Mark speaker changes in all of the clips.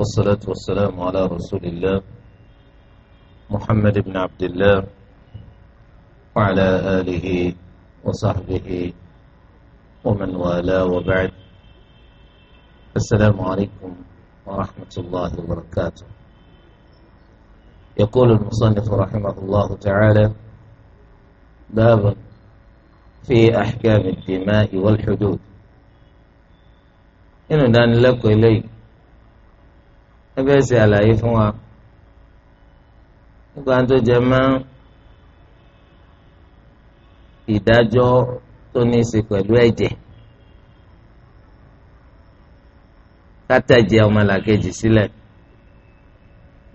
Speaker 1: والصلاة والسلام على رسول الله محمد بن عبد الله وعلى آله وصحبه ومن والاه وبعد السلام عليكم ورحمة الله وبركاته يقول المصنف رحمه الله تعالى باب في أحكام الدماء والحدود إنه دان لك إليه ẹ fẹ́ ṣe àlàyé fún wa nípa tó jẹ mọ́ ìdájọ́ tó ní í ṣe pẹ̀lú ẹ̀jẹ̀ kátàjẹ́ ọmọlàkejì sílẹ̀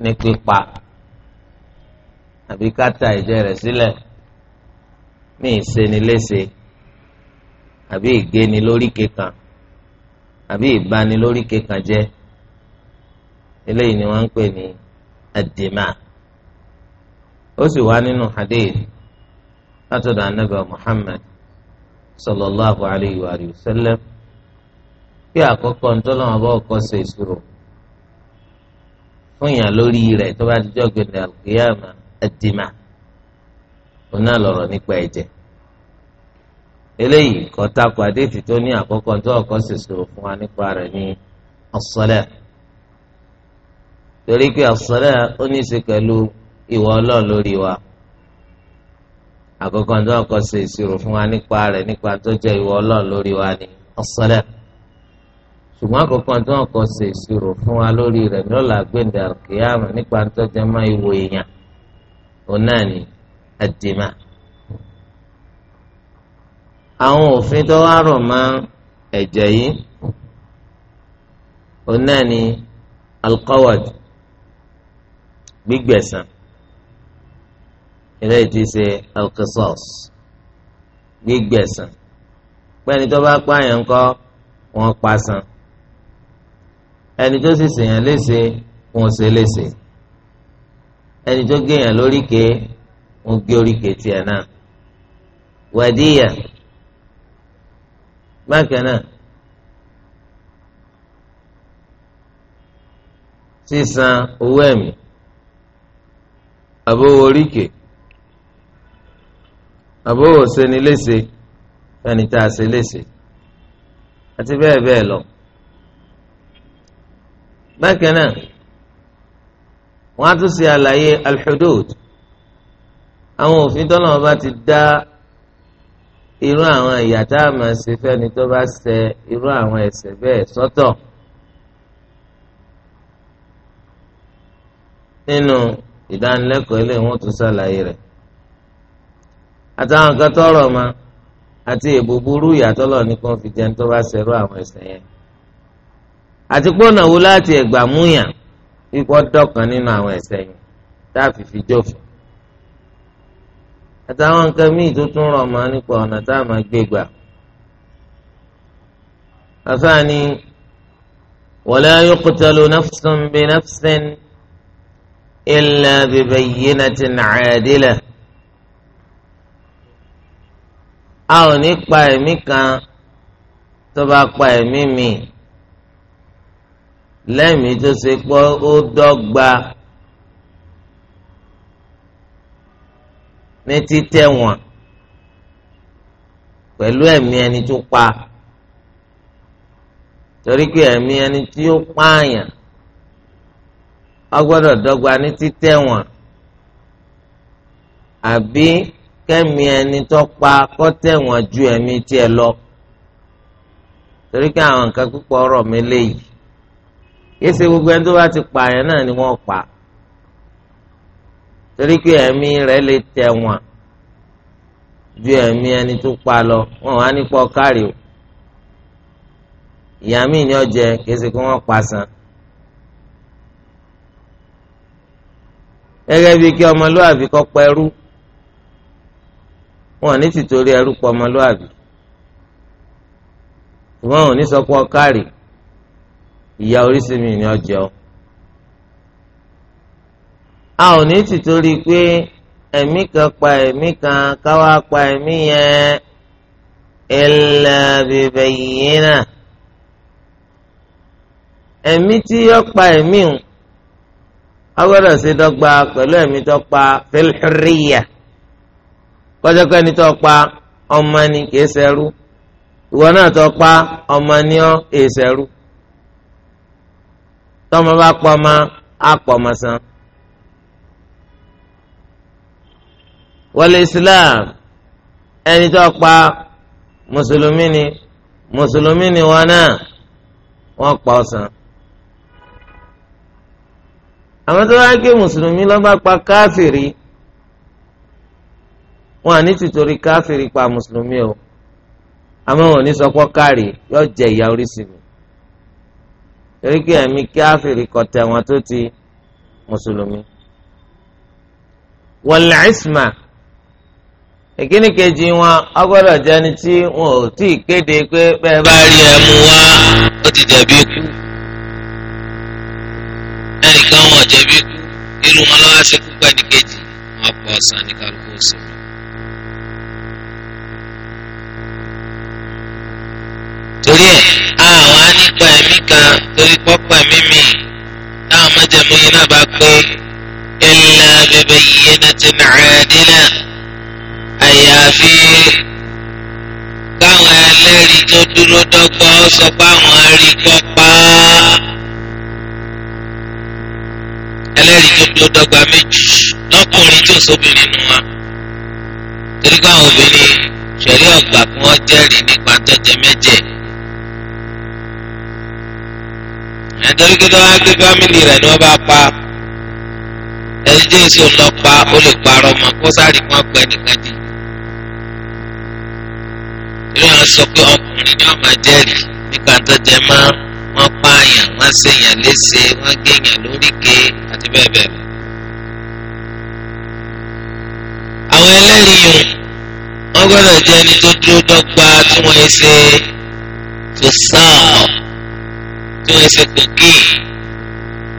Speaker 1: ní pípa àbí kátà ẹ̀jẹ̀ rẹ̀ sílẹ̀ ní ìṣeniléṣe àbí ìgéni lórí kékan àbí ìbani lórí kékan jẹ́. eléyìí ni wọn ń pè ní àdìmá ó sì wá nínú hadith sallallahu alayhi wa sallam pé àkọ́kọ́ ntọ́lọ́wọ́n bá ọkọ ṣe ìṣirò fún yàn lórí rẹ̀ tó bá dijọ́ gbẹ̀dẹ̀ àlùkìyàmà àdìmá òun náà lọ̀rọ̀ nípa ẹ̀jẹ̀ eléyìí kọ́ takò àdéhìí ní ọkọ ṣe fún wa nípa torí pé àsọlẹ ó ní í ṣe pẹ̀lú ìwọ Ọlọ́run lórí wa àkọ́kọ́ ní wọn kọ ṣe ìṣirò fún wa nípa rẹ̀ nípa tó jẹ́ ìwọ Ọlọ́run lórí wa ní àsọlẹ ṣùgbọ́n àkọ́kọ́ tí wọ́n kọ́ ṣe ìṣirò fún wa lórí rẹ̀ lọ́la gbẹ̀ndẹ̀ àkìyàmù nípa tọ́jú ẹ̀mọ́ ìwò èèyàn òun náà ní àdìmá. àwọn òfin tó wá rọ̀ mọ́ ẹ̀jẹ̀ yìí òun náà ní alqawad gbígbẹ̀san eléyìí ti ṣe alqisas gbígbẹ̀san pẹ́ni tó bá pààyàn kọ́ wọ́n pa san ẹni tó sì ṣèyàn léṣe wọ́n ṣe léṣe ẹni tó géèyàn lóríkèé wọ́n gé oríkèé tiẹ̀ náà wàdíyà bákan náà sísan owó ẹ̀mí àbówó oríkè àbówó sẹni léṣe ẹni tá a ṣe léṣe àti bẹ́ẹ̀ bẹ́ẹ̀ lọ. bákan náà wọ́n á tún ṣe àlàyé alḥudud àwọn òfin tọ́lọ́mọ bá ti dá irú àwọn ìyà tá a máa ṣe fẹ́ni tó bá ṣe irú àwọn ẹ̀ṣẹ̀ bẹ́ẹ̀ sọ́tọ̀ nínú ìdánilẹ́kọ̀ọ́ ilé wọn tún ṣàlàyé rẹ̀ àtàwọn kan tọrọ ma àti èbò burú ìyàtọ̀ lọ ní kàn fi jẹun tó bá ṣẹrú àwọn ẹsẹ̀ yẹn àti pọ́nàwó láti ẹ̀gbà múyàn kíkọ́ dọ̀kan nínú àwọn ẹsẹ̀ yẹn tá a fi fi jófin àtàwọn nǹkan míì tó tún rọ̀ ma nípa ọ̀nà tá a máa gbé gbà àfáàní wala yuqtalu nafsun bi nafsin. إلا ببينة عادلة أو ò ní تبقى ẹ̀mí لم tó bá pa ẹ̀mí mi lẹ́mìí tó ṣe pé ẹni tó pa torí pé ẹ̀mí ẹni tí ó pààyàn wọ́n gbọ́dọ̀ dọ́gba ní títẹ̀ wọn àbí kẹ́mi ẹni tó pa kọ́tẹ̀ wọn ju ẹ̀mí tiẹ̀ lọ torí kí àwọn nǹkan púpọ̀ ọ̀rọ̀ mi léyìí kìí ṣe gbogbo ẹni tó bá ti pààyàn náà ni wọ́n pa torí pé ẹ̀mí rẹ̀ lè tẹ̀ wọ́n ju ẹ̀mí ẹni tó pa lọ wọn wá nípa ọkàrí o ìyá mi ni ọjẹ kìí ṣe pé wọ́n pa san gẹ́gẹ́ bíi kí ọmọlúàbí kọ́ pẹ́rú wọn ò ní sì torí ẹrú pọ̀ ọmọlúàbí wọn ò ní sọ pé ọkàrì ìyá oríṣi mi ni ọjọ́ a ò ní sì torí pé ẹ̀mí kan pa ẹ̀mí kan káwá pa ẹ̀mí yẹn illa bi bayyina ẹ̀mí tí yọ pa ẹ̀mí hùn agbọ́dọ̀ ṣe dọ́gba pẹ̀lú ẹ̀mí tó pa filhuriya kọjá pé ẹni tó pa ọmọ ni kì í ṣẹrú ìwọ náà tó pa ọmọ ni ọ kì í ṣẹrú tọmọ bá pọ ọmọ á san. wọlé islam ẹni tó mùsùlùmí ni mùsùlùmí ni wọn náà wọn pa san àwọn tó wá gé mùsùlùmí lọ́ba pa káfìrí wọn à ní tìtorí káfìrí pa mùsùlùmí o àmọ́ wọn ò ní sọ pọ́ káàrí yóò jẹ ìyá oríṣiríṣi torí kí ẹ̀mí káfìrí kọtẹ wọn tó ti mùsùlùmí. wọlé ìsìmà ìkíni kejì wọn ọgbọ́dọ̀ jẹni tí wọn ò tí ì kéde pé bẹ́ẹ̀ bá rí ẹ wá ó ti jẹ̀bi ikú.
Speaker 2: kọ́ ẹnìkejì wọ́n pọ̀ ọ̀sán ní kálukú ọ̀sán. torí ẹ̀ àwọn á ní pa ẹ̀mí kan torí pọ́pọ̀ ẹ̀mí mi táwọn mọ́jẹ̀mú yìí náà bá pé illa bibayyinatin 'adilah àyàfi káwọn ẹlẹ́rìí tó dúró dọ́gba sọ pé àwọn arí gbọ́ pa ẹlẹ́rìí tó tó dọ́gba méjì lọ́kùnrin tí ò sóbìnrin nù wọn. torí pé àwọn obìnrin ṣẹ̀rí ọ̀gbà kí wọ́n jẹ́rìí nípa mẹ́jẹ̀. nítorí pé gbé fámìlì rẹ̀ ni wọ́n bá pa ẹni tí èso lọ pa ó lè parọ́ mọ́ kó sáré kí wọ́n nìkan àwọn sọ pé ọkùnrin ni wọ́n máa jẹ́rìí nípa máa. wọ́n pààyàn wọ́n ṣèyàn léṣe wọ́n géèyàn lóríkèé àti bẹ́ẹ̀ bẹ́ẹ̀ lọ. àwọn ẹlẹ́rìí yòó wọ́n gbọ́dọ̀ jẹ́ ẹni tó dúró dọ́gba tí wọ́n yẹ ṣe tó sáà tí wọ́n yẹ ṣe kòkì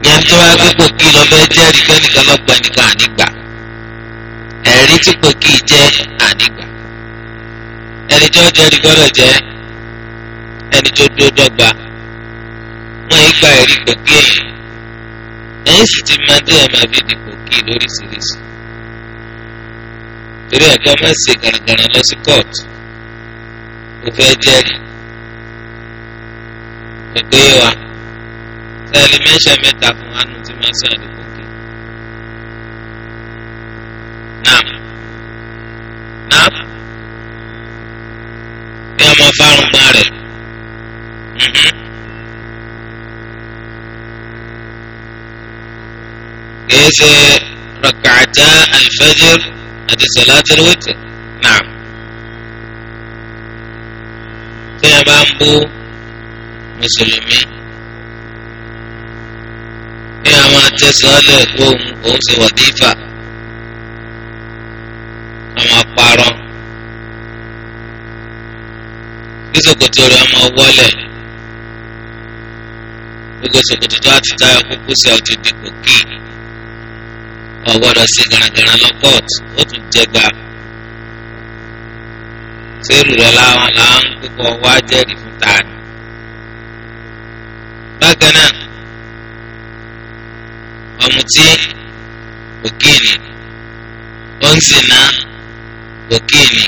Speaker 2: ní ẹni tó wá gbé kòkì lọ bẹ́ẹ̀ jẹ́ ẹ̀rí kẹ́nìkan lọ́gbà ẹnìkan ànígbà ẹ̀rí tí kòkì jẹ́ ànígbà ẹni jẹ́ ẹni jẹ́ ẹni dúró dọ́gba wọn yìí gba ẹ̀rí pẹ̀kí ẹ̀yìn lẹ́yìn sì ti máa dé ẹ̀ máa fi dìbò kí lóríṣiríṣi torí ẹ̀ka máa ṣe gàràgàrà lọ sí kóòtù kò fẹ́ jẹ́rìí kò pé wa sẹ́ẹ̀lì mẹ́ṣẹ̀ mẹ́ta fún anú tí máa ṣe àdìbò kí. náà náà kìí ṣe rakata alfajir àti salati witr náà tí a bá ń bú mùsùlùmí ní àwọn atẹ́sọ́lẹ̀ òun òun ṣe wàdífà àwọn parọ́ kí sòkòtò rẹ̀ ọmọ wọlé gbogbo sòkòtò tó àti táyà kúkú sí ọtí dìbò kíì ọgbọ́dọ̀ sí garagaran lọ court ó tún jẹ ga sẹ́rù rẹ̀ láwọn là ń kókó wá jẹ́rìí fún tani. bákan náà ọ̀mùtí òkèèní ó ń sì ná òkèèní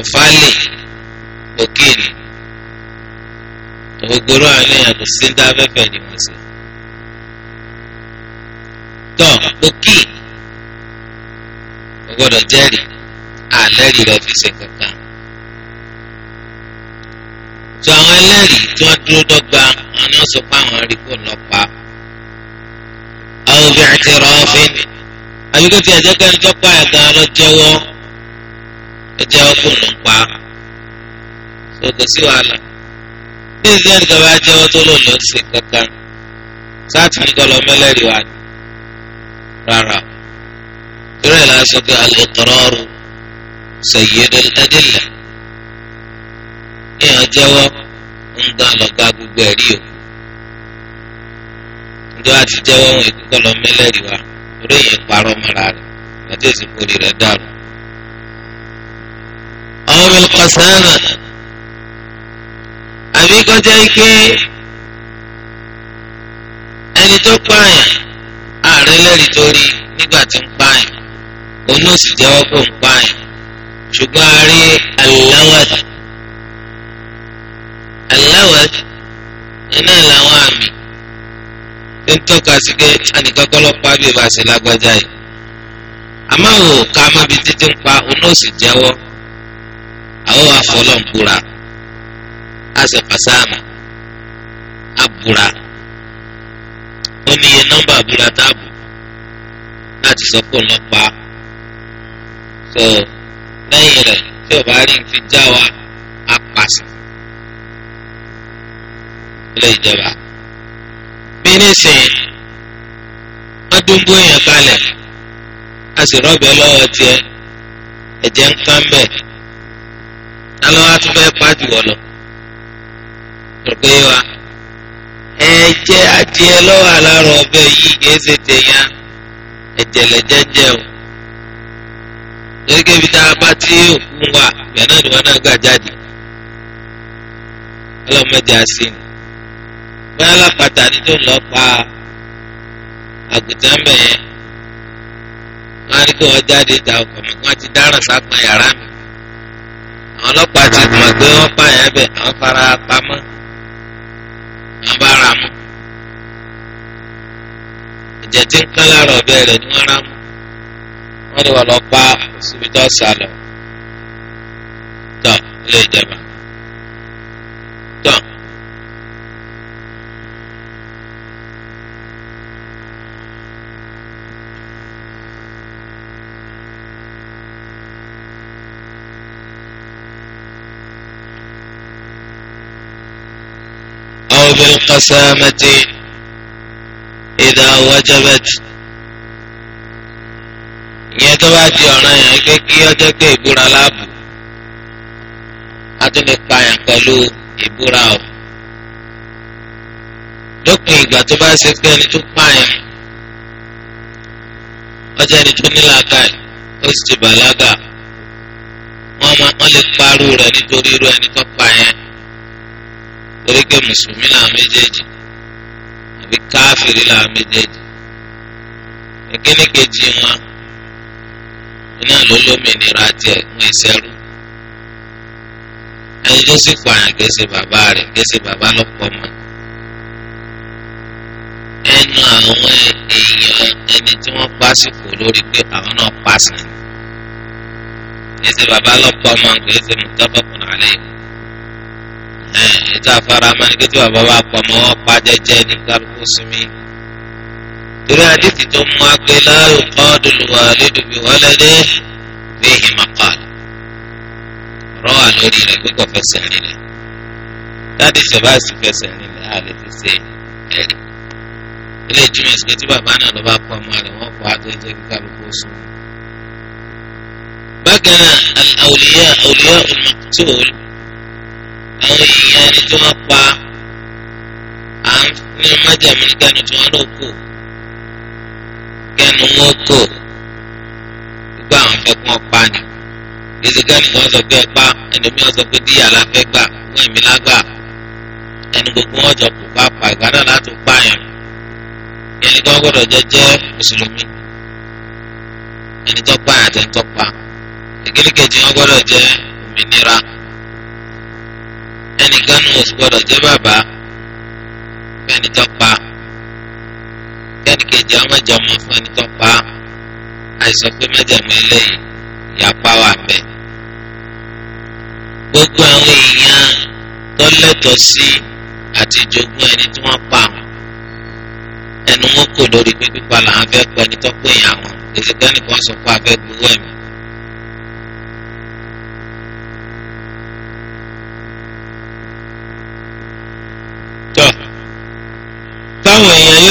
Speaker 2: ọ̀fálè òkèèní ògbóró àwọn èèyàn kò sí ń dá afẹ́fẹ́ ni wọ́n sí tọ̀ òkè o gbọ́dọ̀ jẹ́rìí àlẹ́rìí rẹ̀ fi ṣe kankan. tó àwọn ẹlẹ́rìí tí wọ́n dúró dọ́gba wọn náà sọ pé àwọn rí kó lọ pa. àwọn obìnrin ti rọ ọ́fìn àbíkó tí ẹ̀jẹ̀ kan jọ́ pa ẹ̀gán lọ jẹ́wọ́ ẹ̀jẹ̀ ọkùn ló ń pa kò sí wàhálà. bí ìdí ẹnìkan bá jẹ́wọ́ tó lò ló ń kankan sáà tún lọ mẹ́lẹ́rìí wa ni rárá ìrẹ̀ la sọ pé al-iqraru sayyidul adilla èèyàn jẹ́wọ́ ń gbà lọ́gá gbogbo ẹ̀rí o ǹjọ́ àti jẹ́wọ́ ohun ìkókọ́ lọ mẹ́lẹ́rìí wa orí èèyàn parọ́ mọ́ra rẹ̀ àti ìsìnkú rẹ̀ dàrú. àwọn ọmọ ẹ̀kọ́ àbí kọjá ike ẹni tó pààyàn tẹ́lẹ̀rì tó rí nígbà tí ń pààyàn òun náà sì jẹ́wọ́ pé ń pààyàn ṣùgbọ́n a rí aláwàd aláwàd iná làwọn àmì tó ń tọ́ka sí pé ànìkankan lọ pa bí ìbá ṣe lágbájá yìí àmọ́ wò ká má bi títí ń pa òun náà sì jẹ́wọ́ àwọn afọlọ́ǹkura a sì ó ní iye nọ́mbà abura tá láti sọ pé so lẹ́yìn rẹ̀ tí ò bá rí n fi já wa pàṣẹ ilé ìjọba bí nísìnyí wọ́n èèyàn kalẹ̀ a sì rọ́ọ̀bẹ lọ́wọ́ tiẹ̀ ẹ̀jẹ̀ ń kán bẹ́ẹ̀ alọ́ wa tún fẹ́ pàjù wọ̀ lọ rògbé wa ẹ̀jẹ̀ adìẹ lọ́wọ́ ẹ̀jẹ̀lẹ̀jẹ̀jẹ̀ o gẹ́gẹ́ bí tá a bá tí òkú wà ìgbà náà ni wọn náà gbà jáde ọlọ́mọdé pa àgùntàn wọn á kí wọn ọkọ̀ ti dáràn sápọn yàrá mi àwọn ti ẹ̀jẹ̀ tí ń kán lára ọ̀bẹ rẹ̀ ni wọ́n rán wọ́n ní wọ́n lọ pa síbi tó sá lọ tọ́ ilé ìjẹba tọ́. أو بالقسامة ìdá wajabat ìyẹn tó bá di ọ̀ràn yẹn pé kí ọjọ́ pé ìbúra láàbù a tún lè pààyàn pẹ̀lú ìbúra o lópin ìgbà tó bá ṣe pé ẹni tó pààyàn ọjọ́ ẹni tó ní làákàyè ó sì ti bàlágà wọ́n máa wọ́n lè parú rẹ̀ nítorí irú ẹni tó pààyàn torí pé mùsùlùmí làwọn méjèèjì káfìrí la méjèèjì ìkíní kejì wọn iná ló lómìnira tiẹ̀ ń ṣẹrú ẹni tó sì pààyàn kése bàbá rẹ̀ kése bàbá lọ́pọ̀ mọ́ ẹnu àwọn èèyàn ẹni tí wọ́n pásìkò lórí pé àwọn náà pàṣẹ kése bàbá lọ́pọ̀ mọ́ kése mọ́tọ́bọ̀kùnrin àlẹ́ yìí ètò eh, àfaramọ́ ni kékeré bàbá wa pọ̀ mọ́ wọn pa jẹ́jẹ́ ní kálukú sinmi. torí àdìsí tó mú agbé láàyò kọ́ọ̀dù lùwà lédùbí wọlẹ́dẹ́ fi hìmà kọ́ọ̀lù. ọ̀rọ̀ wà lórí rẹ̀ pé kò fẹsẹ̀ nílẹ̀. láti ìjọba sì fẹsẹ̀ nílẹ̀ a lè ṣe ẹ̀rí. ilé ìjùmọ̀ ìsìnkú tí bàbá náà lọ́ba pọ̀ mọ́ rẹ̀ wọ́n pa jẹ́jẹ́ ní kálukú sinmi. bákan náà àwòlíyá àwọn èèyàn ẹni tí wọ́n pa à ń ní májàmú ní kẹnu tí wọ́n lò kù kẹnu wọn kù gbogbo àwọn fẹ́ kí wọ́n pa ni ìdíkẹ́ nìkan sọ pé ẹ pa ẹnìmí ọ̀sọ̀ pé díyà la fẹ́ gbà fún ẹ̀mí lágbà ẹni gbogbo wọn jọ kù pápá ìgbà náà láti pa yẹn ẹni kan gbọ́dọ̀ jẹ́ jẹ́ mùsùlùmí ẹni tó pa àtẹ̀ntọ́ pa ìkíríkejì wọn gbọ́dọ̀ jẹ́ òmìnira ẹnìkan nù oṣù gbọ́dọ̀ jẹ́ bàbá fẹ́ni tó pa kẹ́nìkejì ọmọjàmọ́ fún ẹni tó pa àìsọ pé mẹ́jàmọ́ eléyìí ìyapa wà bẹ́ẹ̀. gbogbo àwọn èèyàn tó lẹ́tọ̀ọ́ sí àti jogún ẹni tí wọ́n pa àwọn ẹnu wọn kò lórí pé làwọn fẹ́ pẹ́ ẹni tó pè yàn àwọn èsì pé ẹnìkan sọ pé a gbowó ẹ̀mí.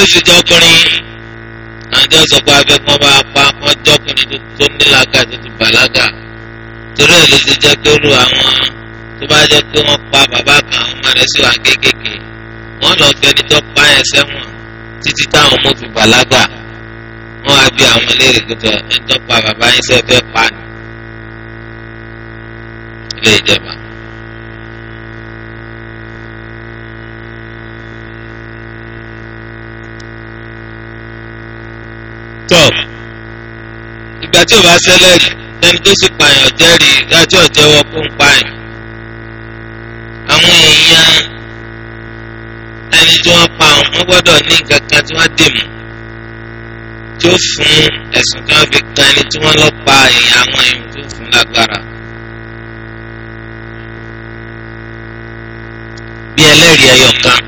Speaker 2: yóò sì jọkùnrin àti ọ̀sọ̀pọ̀ abẹ́kọ́ bá pa wọ́n jọkùnrin tó nílága tó ti bàlágà torí ẹ̀ ló ti jẹ́ pé ru àwọn tó bá jẹ́ pé wọ́n pa bàbá kan ọmọ rẹ̀ sì wà kéékèèké wọ́n lọ fẹ́ni tó pa ẹ̀ sẹ́wọ̀n títí táwọn ọmọ fi bàlágà wọ́n á bí àwọn eléyìí gbọ́dọ̀ ẹ̀ tó pa bàbá yín sẹ́fẹ́ pa ni ilé ìjẹba. tọ̀ ìgbà tí o bá ṣẹlẹ̀ ẹni tó sì pààyàn jẹ́rìí láti ọ̀jẹ̀wọ́ kó ń pààyàn àwọn èèyàn ẹni tí wọ́n pa àwọn wọ́n gbọ́dọ̀ ní nǹkan kan tí wọ́n dè mú tí ó fún ẹ̀sùn tí wọ́n fi kan ẹni tí wọ́n lọ pa èèyàn àwọn èèyàn tó fún lágbára. bí ẹlẹ́rìí ẹyọ kan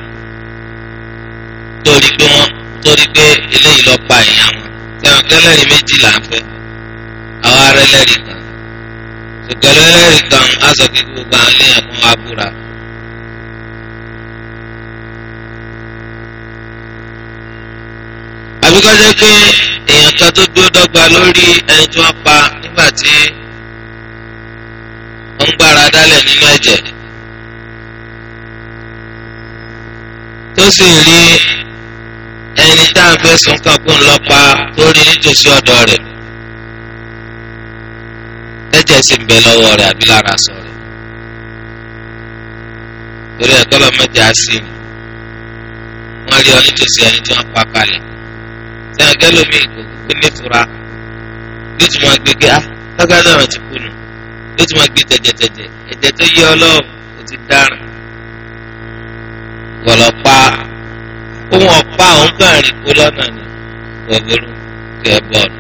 Speaker 2: torí pé eléyìí lọ pa èèyàn àwọn àtẹlẹrìí méjì là ń fẹ́ àwọn arẹlẹrìí kan ṣùgbọ́n ẹlẹ́rìí kan á sọ pé gbogbo àwọn ilé yẹn kún wá búra. àbíkọ́jẹ́ pé èèyàn kan tó dúró dọ́gba lórí ẹni tí wọ́n pa nígbà tí wọ́n ń gbára dálẹ̀ nínú ẹ̀jẹ̀ tó sì rí ẹni tá a fẹ̀sùn kàn kó ń lọ pa lórí nítòsí ọ̀dọ̀ rẹ̀ tẹ́jẹ̀ sì ń bẹ lọ́wọ́ rẹ̀ àbí lára sọ rẹ̀ torí ẹ̀kọ́ lọ́mọdé àṣì wọ́n rí ọ nítòsí ẹni tí wọ́n pa kalẹ̀ tí wọ́n gẹ́lò kò gbé nítura yóò tún máa gbé gé ah lọ́gàdá àwọn ti kú nù yóò tún máa gbé jẹjẹjẹjẹ ẹ̀jẹ̀ tó yẹ ọlọ́ọ̀ kò ti dáràn wọ̀lọ́pàá òun ọ̀pá òun kàn rí kó lọ́nà ni gbogbo tí ẹ bọ́ọ̀lù.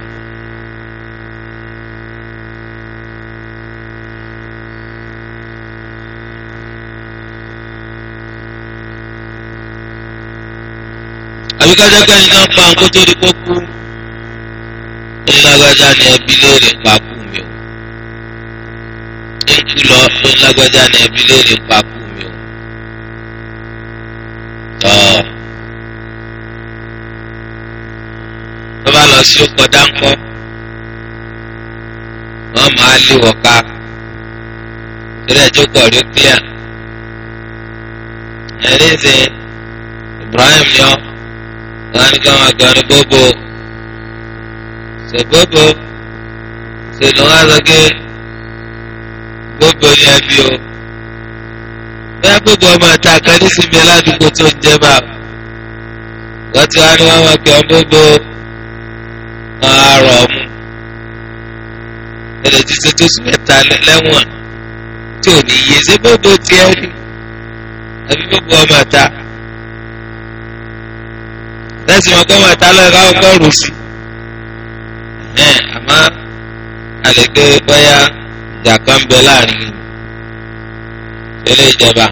Speaker 2: àbí ká jẹ́ pé ẹni náà pa nǹkó tó di kó kú ní lágbájá ni ẹbí léèrè ń mi o ní lọ ní ni ẹbí léèrè ń mi o tọ́. tó bá lọ sí ọkọ̀ dáńkọ́ wọ́n máa lé wọ̀ká torí ẹjọ́ pọ̀ rí clear ẹ̀rí ṣe Ibrahim yọ wọn ní kí wọn gbọ́ ní gbogbo ṣe gbogbo ṣe ló wá sọ pé gbogbo ni ẹ fi o bẹ́ẹ̀ gbogbo ọmọ ẹ̀ta kan ní sinmi aládùúgbò tó ń jẹ́ bá wọ́n ti wá ní wọn máa gbogbo wọn á rọ ọmú ẹ̀rẹ̀ ti ṣe tó sùn mẹ́ta lẹ́wọ̀n tí ò ní yé ṣé bóbó tiẹ̀ rí àbí bóbó ọmọ àta tẹ́sí wọn kọ́ ọmọ àta lọ́ọ́ káwọn kọ́ rù sí ẹ̀ àmọ́ àlẹ́gbẹ́ bọ́yá ìjà kan bẹ láàrin ilé ìjọba.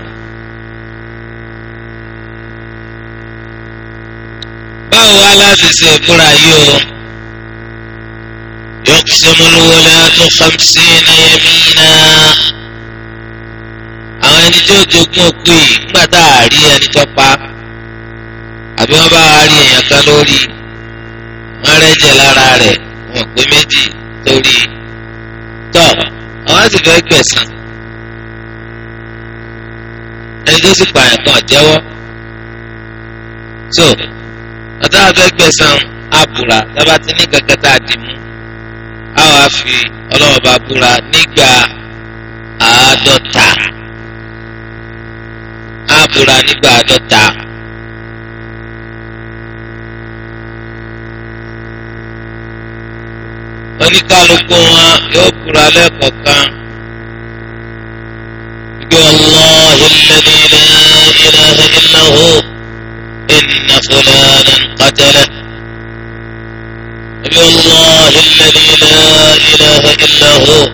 Speaker 2: báwo wá láti ṣe ìbúra yìí o. يقسم الولاة خمسين يمينا àwọn ẹni tí ó jogún òkú yìí nígbà tá a rí ẹni tó pa àbí wọn bá rí èèyàn kan lórí wọn rẹjẹ lára rẹ̀ wọn pé méjì lórí tọ àwọn sì fẹ́ gbẹ̀san ẹni tó sì pààyàn kan jẹ́wọ́ so ọtá fẹ́ gbẹ̀san àbùrà tábà ní kankan tá a dì mú a wá fi ọlọ́wọ́ bá búra nígbà àádọ́ta a búra nígbà àádọ́ta. oníkálukú wọn yóò búra lẹ́ẹ̀kọ̀ọ̀kan. الله الذي لا إله إلا هو إن فلانا قتله بالله الذي لا إله إلا هو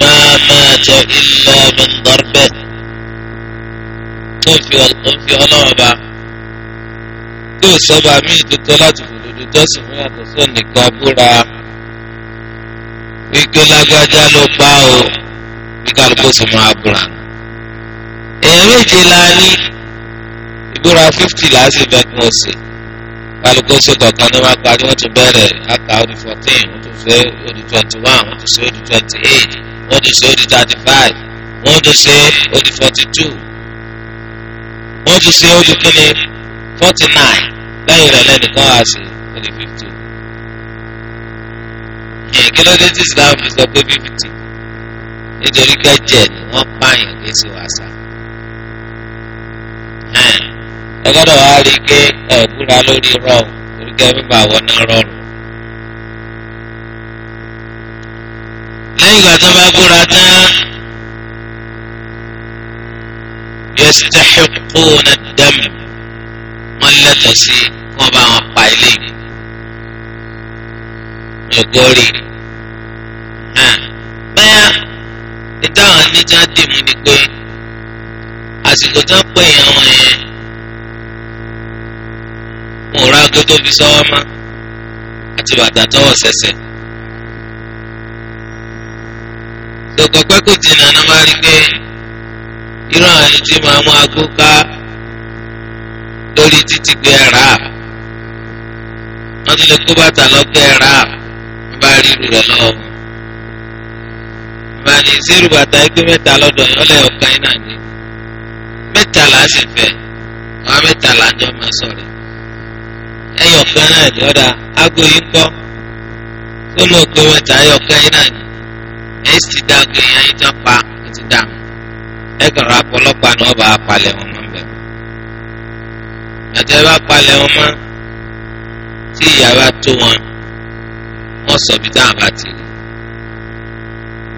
Speaker 2: ما مات إلا من ضربه توفي توفي الله أبا tó sọba míì tó tọ́ láti fòdòdó jọ́sìn fún yàtọ̀ sí ẹnìkan búra wíkẹ́ lágbájá ló pa o bí kálukú sì máa búra. èèyàn méje la ní ìbúra fífítì láti bẹ́ẹ̀ kún ọ̀sẹ̀ kálukó ṣètò ọ̀kan ní wọn parí wọn tún bẹ̀rẹ̀ aka odi fourteen wọn tún ṣe odi twenty one wọn tún ṣe odi twenty eight wọn tún ṣe odi thirty five wọn tún ṣe odi forty two wọn tún ṣe odi kíni forty nine lẹ́yìn rẹ̀ lẹ́nìkan wá sí odi fifty. kí ló dé tí Islam fi sọ pé fifty nítorí kẹjẹ ni wọ́n pààyàn kí sí wàásà ẹ gbọ́dọ̀ wá rí i pé ẹ búra lórí rọ orúkẹ bíbá àwọn náà rọrùn. lẹ́yìn ìgbà tó bá búra tán yastahiquna ad-dam wọ́n lẹ́tọ̀ọ́ sí wọ́n bá wọn pa ilé yìí. ògórí bẹ́ẹ̀ ìtàn àníjà dì mú ni pé àsìkò tó ń pè yàn wọ̀nyẹn. òun ra tó fi sọ́wọ́ mọ́ àti bàtà tọwọ́ sẹ̀sẹ̀. sọ̀kọ̀ pẹ́ kò jìnnà náà máa rí pé irú àwọn tí máa mú agbó ká lórí títí pé ẹ̀rá wọ́n ti lè kó bàtà lọ́gbẹ́ ẹ̀rá bá rí irú rẹ̀ lọ́wọ́. bàtà ni mẹ́ta ẹyọ kan náà ní ọ̀dà aago yìí ń kọ́ tó lọ pé wọ́n ta ẹyọ kan yìí náà ní ẹ̀yìn sì ti dá aago yìí ayé tán pa ti dá ẹ kàrọ̀ apọlọ́pàá ni wọ́n bá palẹ̀ wọn mọ́ bẹ́ẹ̀. àtẹ̀wé bá palẹ̀ wọn mọ́ tí ìyá bá tó wọn wọ́n sọ bí táwọn bá ti rí.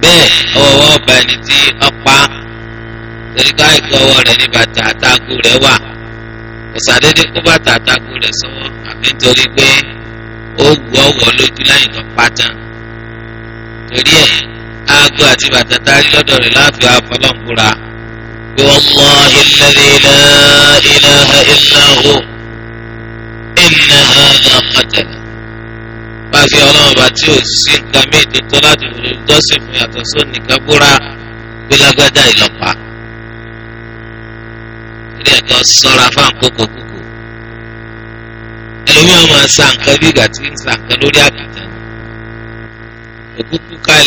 Speaker 2: bẹ́ẹ̀ ọwọ́ wọn ẹni tí ọ̀pá torí ká ìkọwọ́ rẹ̀ ní bàtà àtàkù rẹ̀ wà ìsàdédé kó bàtà àtàkù rẹ̀ sọ́wọ́ àbí nítorí pé ó wù ọwọ́ lójú lẹ́yìn tó pátá torí ẹ̀ aago àti bàtà tárí lọ́dọ̀ rẹ̀ láàfin afọlọ́ǹkura bí wọ́n mọ ilẹ̀rí ilẹ̀ ilẹ̀ ìnáwó ìnà àgbà pàtẹ́lẹ̀ báfi ọlọ́run bá tí ò sí nǹkan mí ètò tó láti wọlé lọ́sìn fún yàtọ̀ sóun nìkan búra gbélágbádá torí ẹ̀ka sọ́ra fáwọn kókò máa sa nǹkan bí ń sa nǹkan lórí òkúkú kókó wò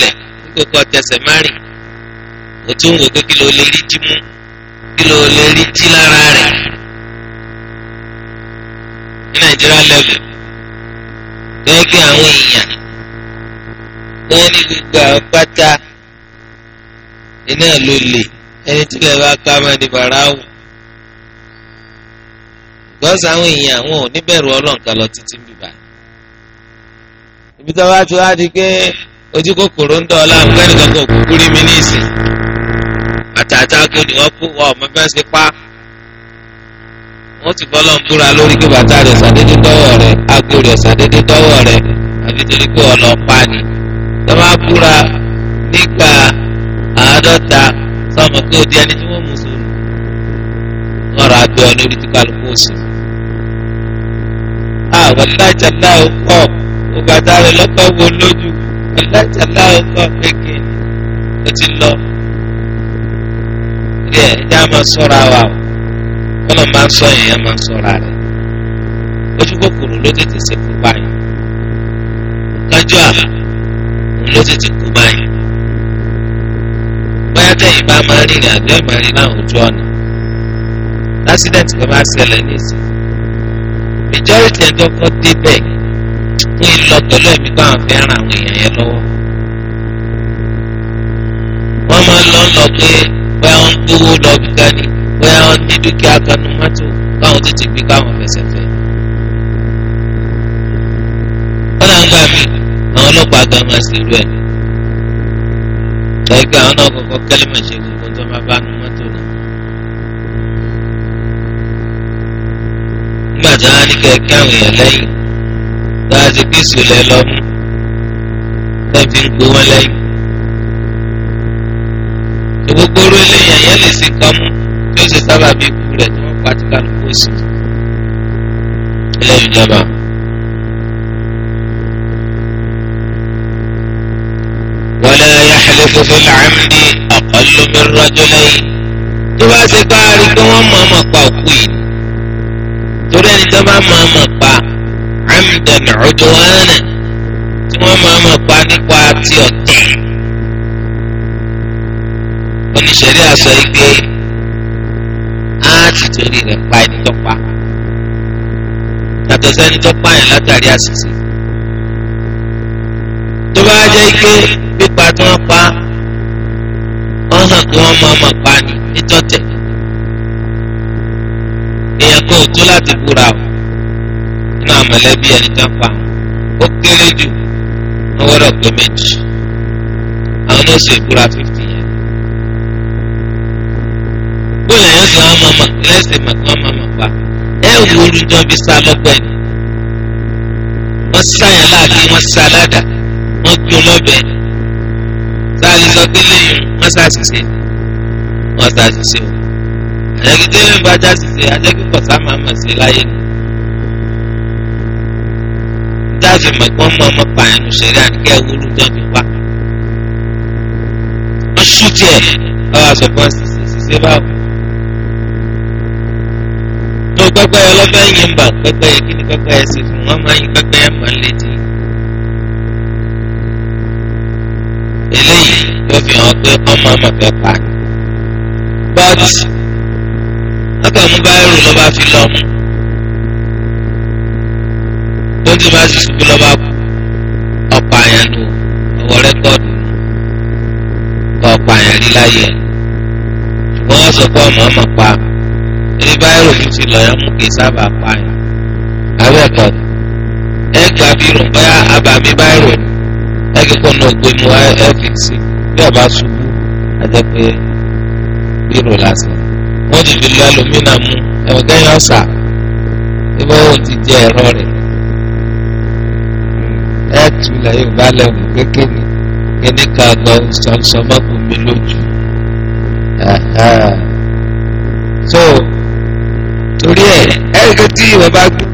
Speaker 2: pé kí ló lè rí jí mú kí ló lè rí jí lára ní nàìjíríà gẹ́gẹ́ àwọn èèyàn wọ́n ní gbogbo àwọn pátá
Speaker 1: iná ló lè ẹni tí bá gọ́ọ̀sì àwọn èèyàn àwọn ò níbẹ̀rù ọlọ́ǹkà lọ títí bíbá ibi tó bá ti wá di pé ojú kòkòrò ń dọ̀ ọ́ láàmú kẹ́nìkan kò kúkú rí mi ní ìsìn àtàtà kò ní wọ́n kú wọ́n ọmọ bẹ́ẹ̀ sí pa
Speaker 2: wọ́n ti bọ́ lọ́n búra lórí pé bàtà rẹ̀ sàdédé dọ́wọ́ rẹ̀ aago rẹ̀ sàdédé dọ́wọ́ rẹ̀ àbí torí pé ọ̀nà ọ̀pá ni tó bá búra nígbà àádọ́ta sọmọ wọn ra abẹ́ olórí tí kálukú sí. àwọn ìlàjà náà ó kọ́ ògbàdá rẹ̀ lọ́kọ́ wo lójú ìlàjà náà ó kọ́ kéèké ó ti lọ. rí ẹ ẹjẹ a máa sọ́ra wa o kọ́nà máa ń sọ yẹn yẹn máa ń sọ́ra rẹ̀ ojú kòkòrò ló tètè ṣe kú báyìí kájọ àlà ló tètè kú báyìí bóyá tẹ̀yìn bá máa rìnrìn àgbẹ̀ máa rìn láwùjọ ọ̀nà accident kan bá ṣẹlẹ̀ nísìn majority ẹjọ́ kan débẹ̀ ní lọ pẹ̀lú ẹ̀mí bá wọn fẹ́ ran àwọn èèyàn yẹn lọ́wọ́ wọ́n máa ń lọ lọ pé bóyá wọ́n ń gbówó lọ bí gani bóyá wọ́n ní dúkìá kan nu mọ́tò káwọn tètè gbé káwọn fẹsẹ̀ fẹ́. wọ́n náà ń gbà mí àwọn ọlọ́pàá gan máa ṣe irú ẹ̀
Speaker 1: lẹ́gbẹ̀ẹ́ àwọn náà kọ́kọ́ kẹ́lí màṣẹ́
Speaker 2: nígbà tí wọ́n á ní kẹ̀kẹ́ àwọn èèyàn lẹ́yìn tó a ti pín ìsòlẹ̀ lọ́mú wọ́n fi ń gbé wọn lẹ́yìn. gbogbo oró eléyàn yẹn lè ṣe kọ́mú tí ó ṣe sábà bí ikú rẹ̀ tí wọ́n pa ti kálukú sí ẹlẹ́yìn ìjọba. wala yahlifu fil amdi aqallu min rajulayn tó bá ṣe bá a rí pé wọ́n mọ̀ ọ́n pa òkú yìí torí ẹni tó bá máa mọ̀ pa amdan udwana tí wọ́n máa mọ̀ pa nípa ti ọ̀tẹ̀ oníṣẹ́rí àṣọ igbe á sì torí rẹ̀ pa ẹni tó pa yàtọ̀ sẹ́ni tó pààyàn látàrí àṣìṣe tó bá jẹ́ ike pípa tí wọ́n pa wọ́n hàn wọ́n máa mọ̀ pa ni nítọ́tẹ̀ nǹkan ò tó láti búra o nínú àmọ̀lẹ́bí ẹni tó ń pa ó kéré jù wọ́n wọ́dọ̀ pé méjì àwọn náà sì búra fífì yẹn. bóyá yẹn sọ àwọn ọmọ lẹ́sìn màkà ọmọ ọmọ pa ẹ wù ú lùjọ́ bí sá lọ́gbẹ́ ni wọ́n sáyàn láàbí wọ́n sá ládàá wọ́n gbé lọ́bẹ̀ẹ́ sáà lè sọ pé lẹ́yìn wọ́n sá ṣiṣẹ́ wọ́n sá ṣiṣẹ́ o àjẹkítẹ́ lè bá já sí ṣe àjẹkítọ̀ sáma mọ̀ sí láyé ni. dáàfin mọ̀ kí wọ́n mọ ọmọ pààyàn ní ṣẹ̀rí àníkẹ́ ìwúlú tó fi wá. wọ́n ṣú tiẹ̀ ọ̀rọ̀ àṣọ̀kan ṣiṣẹ́ báwò. tó pẹ́pẹ́yẹ lọ́fẹ́ yín bà pẹ́pẹ́yẹ kí ni pẹ́pẹ́yẹ ṣe fún wọn máa yín pẹ́pẹ́yẹ mọ̀ létí. eléyìí ló fi hàn pé ọmọ ọmọ fẹ́ pààyàn. bọ́ọ̀tì kàn mú báyìí ló bá fi lọ mú tó ti bá sì ṣubú lọ́ba kú ọ̀pọ̀ àyàn nù ọwọ́ rẹ́kọ̀dù kọ ọ̀pọ̀ àyàn rí láyé ṣùgbọ́n wọ́n sọ pé ọmọ ọmọ pa eré báyìí ló ti lọ yẹn mú kì í sábà pa àyàn abẹ́ẹ̀kọ́ ẹ̀ka bí irun báyà abàmì báyìí rò ẹ̀kẹ́kọ̀ọ́ náà gbé mu ẹ̀ fi sí bí ọba ṣubú àjẹpẹ́ bí irun lásán wọ́n sì fi lálùmí náà mú ẹ̀wọ̀n kẹ́yìn ọ̀sà ibà òun ti jẹ ẹ̀rọ rẹ̀ ẹ̀ tù lẹ́yìn òbá lẹ́wọ̀n kékeré kíní ká gbọ́ sọ̀nsọ̀mọ́kùn mi lójú so torí ẹ ẹ̀ka tí ìwọ bá gbé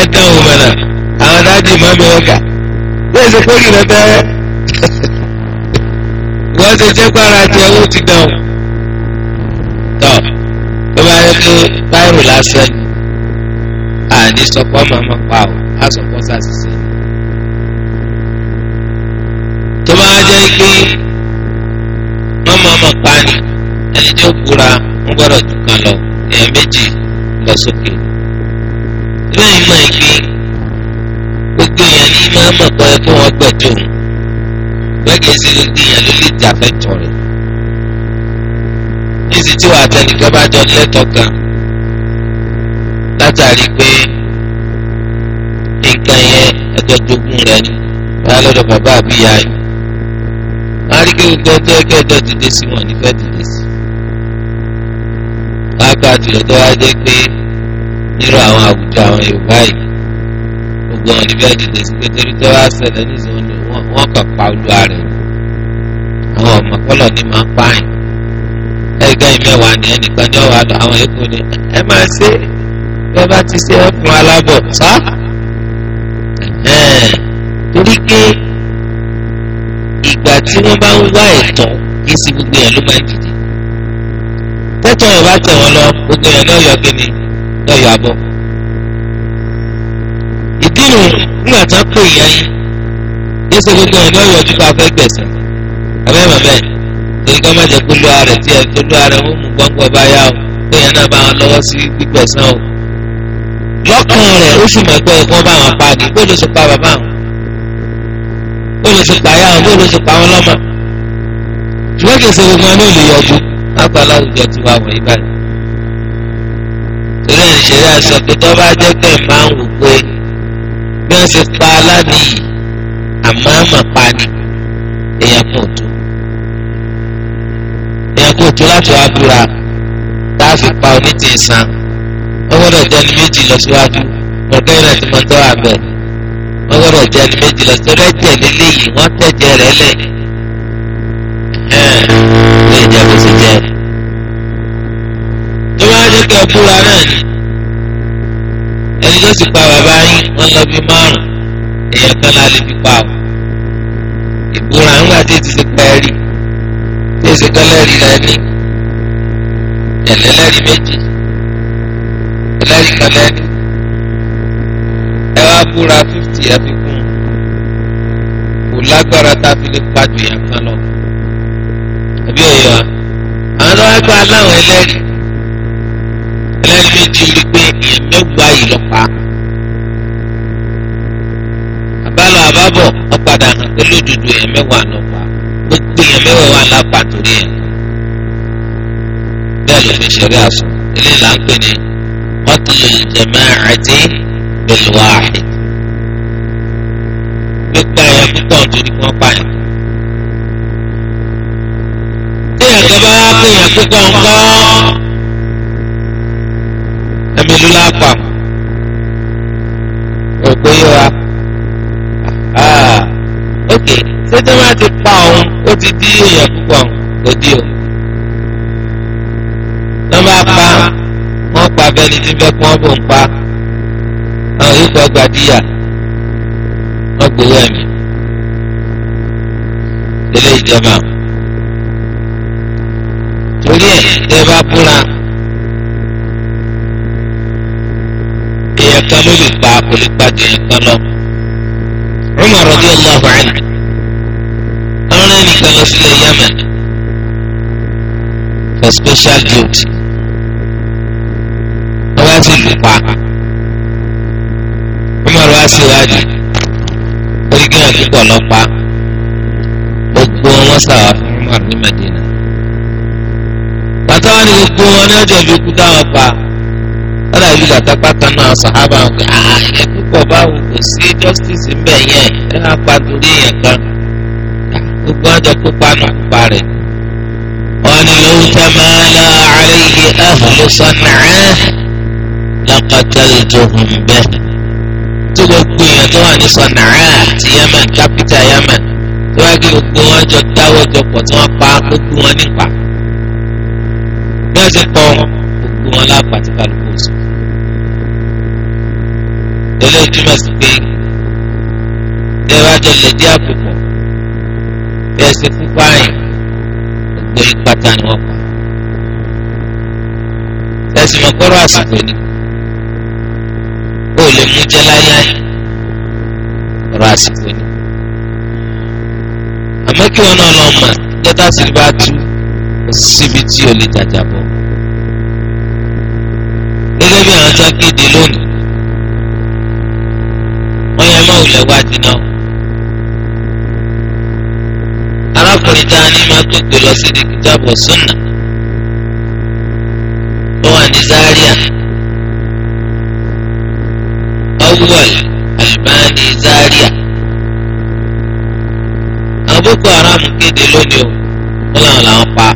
Speaker 2: ẹ̀dá òun mọ̀nà àwọn dáàdi máa mi ọ̀gá bẹ́ẹ̀ ṣe kórìíra bẹ́ẹ̀ wọ́n ṣe jẹ́ pàrọ̀ àti ẹ̀wọ̀n ti dáhùn ní báyìí lásán àní sọpọ́ mama pa ọ́ á sọpọ́ sàṣìṣe. tó máa jẹ́ pé wọ́n màmá pa ni ẹni tí ó búra ń gbọ́dọ̀ jù kan lọ èèyàn méjì lọ sókè. lẹ́yìn náà pé gbogbo èèyàn ní máa mọ̀ pé kí wọ́n gbẹ̀jọ́ òun wọ́n èèyàn ló lè jà fẹ́ tọ̀ títí tí wàá tẹnìkan bá jọ lẹ́tọ̀ kan látàrí pé nǹkan yẹn ẹjọ́ jogún rẹ ni báyà lọ́dọ̀ bàbá àbí ìyá yìí wọ́n á rí kéwù tó ẹjọ́ ẹgbẹ́ ẹjọ́ dìde sí wọn nífẹ̀ẹ́ dìde sí wọ́n á gba àjùlọ tó wá jẹ́ pé nírú àwọn àwùjọ àwọn Yorùbá yìí gbogbo wọn nífẹ̀ẹ́ dìde sí pé torí tó wá nísìnyí wọ́n kàn pa olú ààrẹ àwọn ọmọ kọ́lọ̀ ní máa ń pààyàn ẹgbẹ́ ìmẹ́wàá ni ẹnìkan ní ọ̀wà àwọn ẹ̀kún ni ẹ máa ṣe ẹ bá ti ṣe ẹkùn alábọ̀ sá torí pé ìgbà tí wọ́n bá ń wá ẹ̀tọ́ kí sí gbogbo ẹ̀ ló máa ń dìde tẹ́tọ̀ ẹ̀ bá tẹ̀ wọ́n lọ gbogbo ẹ̀ lọ́yọ̀ gíní lọ́yọ̀ abọ́ ìdí nu nígbà tí wọ́n pè yẹn yín yẹ́sẹ̀ gbogbo ẹ̀ lọ́yọ̀ ojú bá fẹ́ gbẹ̀sẹ̀ ẹ̀ torí ká má jẹ́ pé lóra rẹ̀ tí ẹ fi lóra rẹ̀ ó mú gbọ́ngbọ́n bá yá o bẹ́ẹ̀ náà bá wọn lọ́wọ́ sí gbígbẹ̀sán o. lọ́kàn rẹ̀ ó sì mọ̀ pé ẹ̀gbọ́n bá wọn pa ni bó ló ṣe pa bàbá wọn bó ló ṣe pa yá wọn bó ló ṣe pa wọn lọ́mọ. ṣùgbọ́n kì í ṣe gbogbo wọn ní òlè yọjú lápá láwùjọ ti wà wọ̀nyí báyìí. torí ẹ̀ ń ṣe rí pé tó bá jẹ́ pé máa ń wò pé bí wọ́n ṣe pa aláníyì àmọ́ àmọ́ pa ni. láti àdúrà tá a fi pa onítìí san ó gbọ́dọ̀ jẹ́ ní méjì lọ síwájú ọ̀gá ìrìn àti mọ́tọ́ àbẹ̀ ó gbọ́dọ̀ jẹ́ ní méjì lọ síwájú ẹ̀jẹ̀ lélẹ́yìí wọ́n tẹ̀jẹ̀ rẹ̀ lẹ̀ ẹ̀ lè jẹ́ bó ṣe jẹ́ tó bá jẹ́ kẹ́ búra náà ni ẹni tó sì pa bàbá yín wọ́n lọ bí márùn èèyàn kan la lè fi pa ọ́ ìbúra ńgbà tí èsì ti pẹ́ rí èsì kan lẹ́rìí lẹ́ni. ẹlẹ́lẹ́rìí méjì ẹlẹ́rìí kan lẹ́nu ẹ wá búra fífitì ẹ fi kún kò lágbára tá a ẹlẹ́rìí méjì rí pé èèyàn yìí lọ pa àbálọ àbábọ̀ ọ̀padà hàn pé lójoojú lọ pa gbogbo wà lábọ̀. bẹ́ẹ̀ ló fi ṣẹ̀rí àṣọ ilé là ń pè ní qatlul jama'ati bil wahid pípa ẹ̀yà púpọ̀ ju ní wọ́n pa ẹ̀. téèyàn kan bá pè púpọ̀ ńkọ́ ẹ̀mí ìlú lápá òpó yé wa ṣé tí wọ́n ti pa òun ó ti di èèyàn púpọ̀ ńkọ́. náà ní ti bẹ́ kún ọ́bùn pa àwọn yòókù ọgbà díyà wọ́n gbowó ẹ̀mí délé ìjọba torí ẹ̀ tẹ́ bá búra èèyàn kan ló lè pa kò lè pa jù èèyàn kan lọ. Umar radiyallahu anhu ọ̀rẹ́ nìkan lọ sílẹ̀ Yemen for special duty. pa Umar wá síwájú oríkèèyàn púpọ̀ lọ pa gbogbo wọn sàwà fún Umar ní Madina bàtà gbogbo qataltuhum bih tí gbogbo èèyàn tó wà ní Sànáà ti Yemen kápítà Yemen tó wá kí gbogbo wọn jọ dáwọ́ jọ pọ̀ tí wọ́n pa gbogbo wọn nípa bí wọ́n ti pọ̀ gbogbo wọn lápá ti kálukú sí. eléyìí túmọ̀ sí pé ìdẹ́wájọ lè dí àpòpọ̀ bí ẹ ṣe pípa yìí gbogbo yìí pátá ni wọ́n pa. ẹ̀sìn mọ̀kọ́rọ̀ àsìkò ni lè mú jẹ́ láyé ọ̀rọ̀ àsìkò ni. àmọ́ kí wọn náà lọ mọ̀ jẹ́tà sì bá tú síbi tí o lè jàjà bọ̀. gẹ́gẹ́ bí àwọn tó ń kéde lónìí wọ́n yẹ máa wulẹ̀ wádìí náà. arákùnrin tá a ní máa gbègbè lọ sí di kìtàbù sùnnà. ó wà ní Awwal Albani Zaria àwọn Boko Haram kéde lónìí o wọn làwọn làwọn pa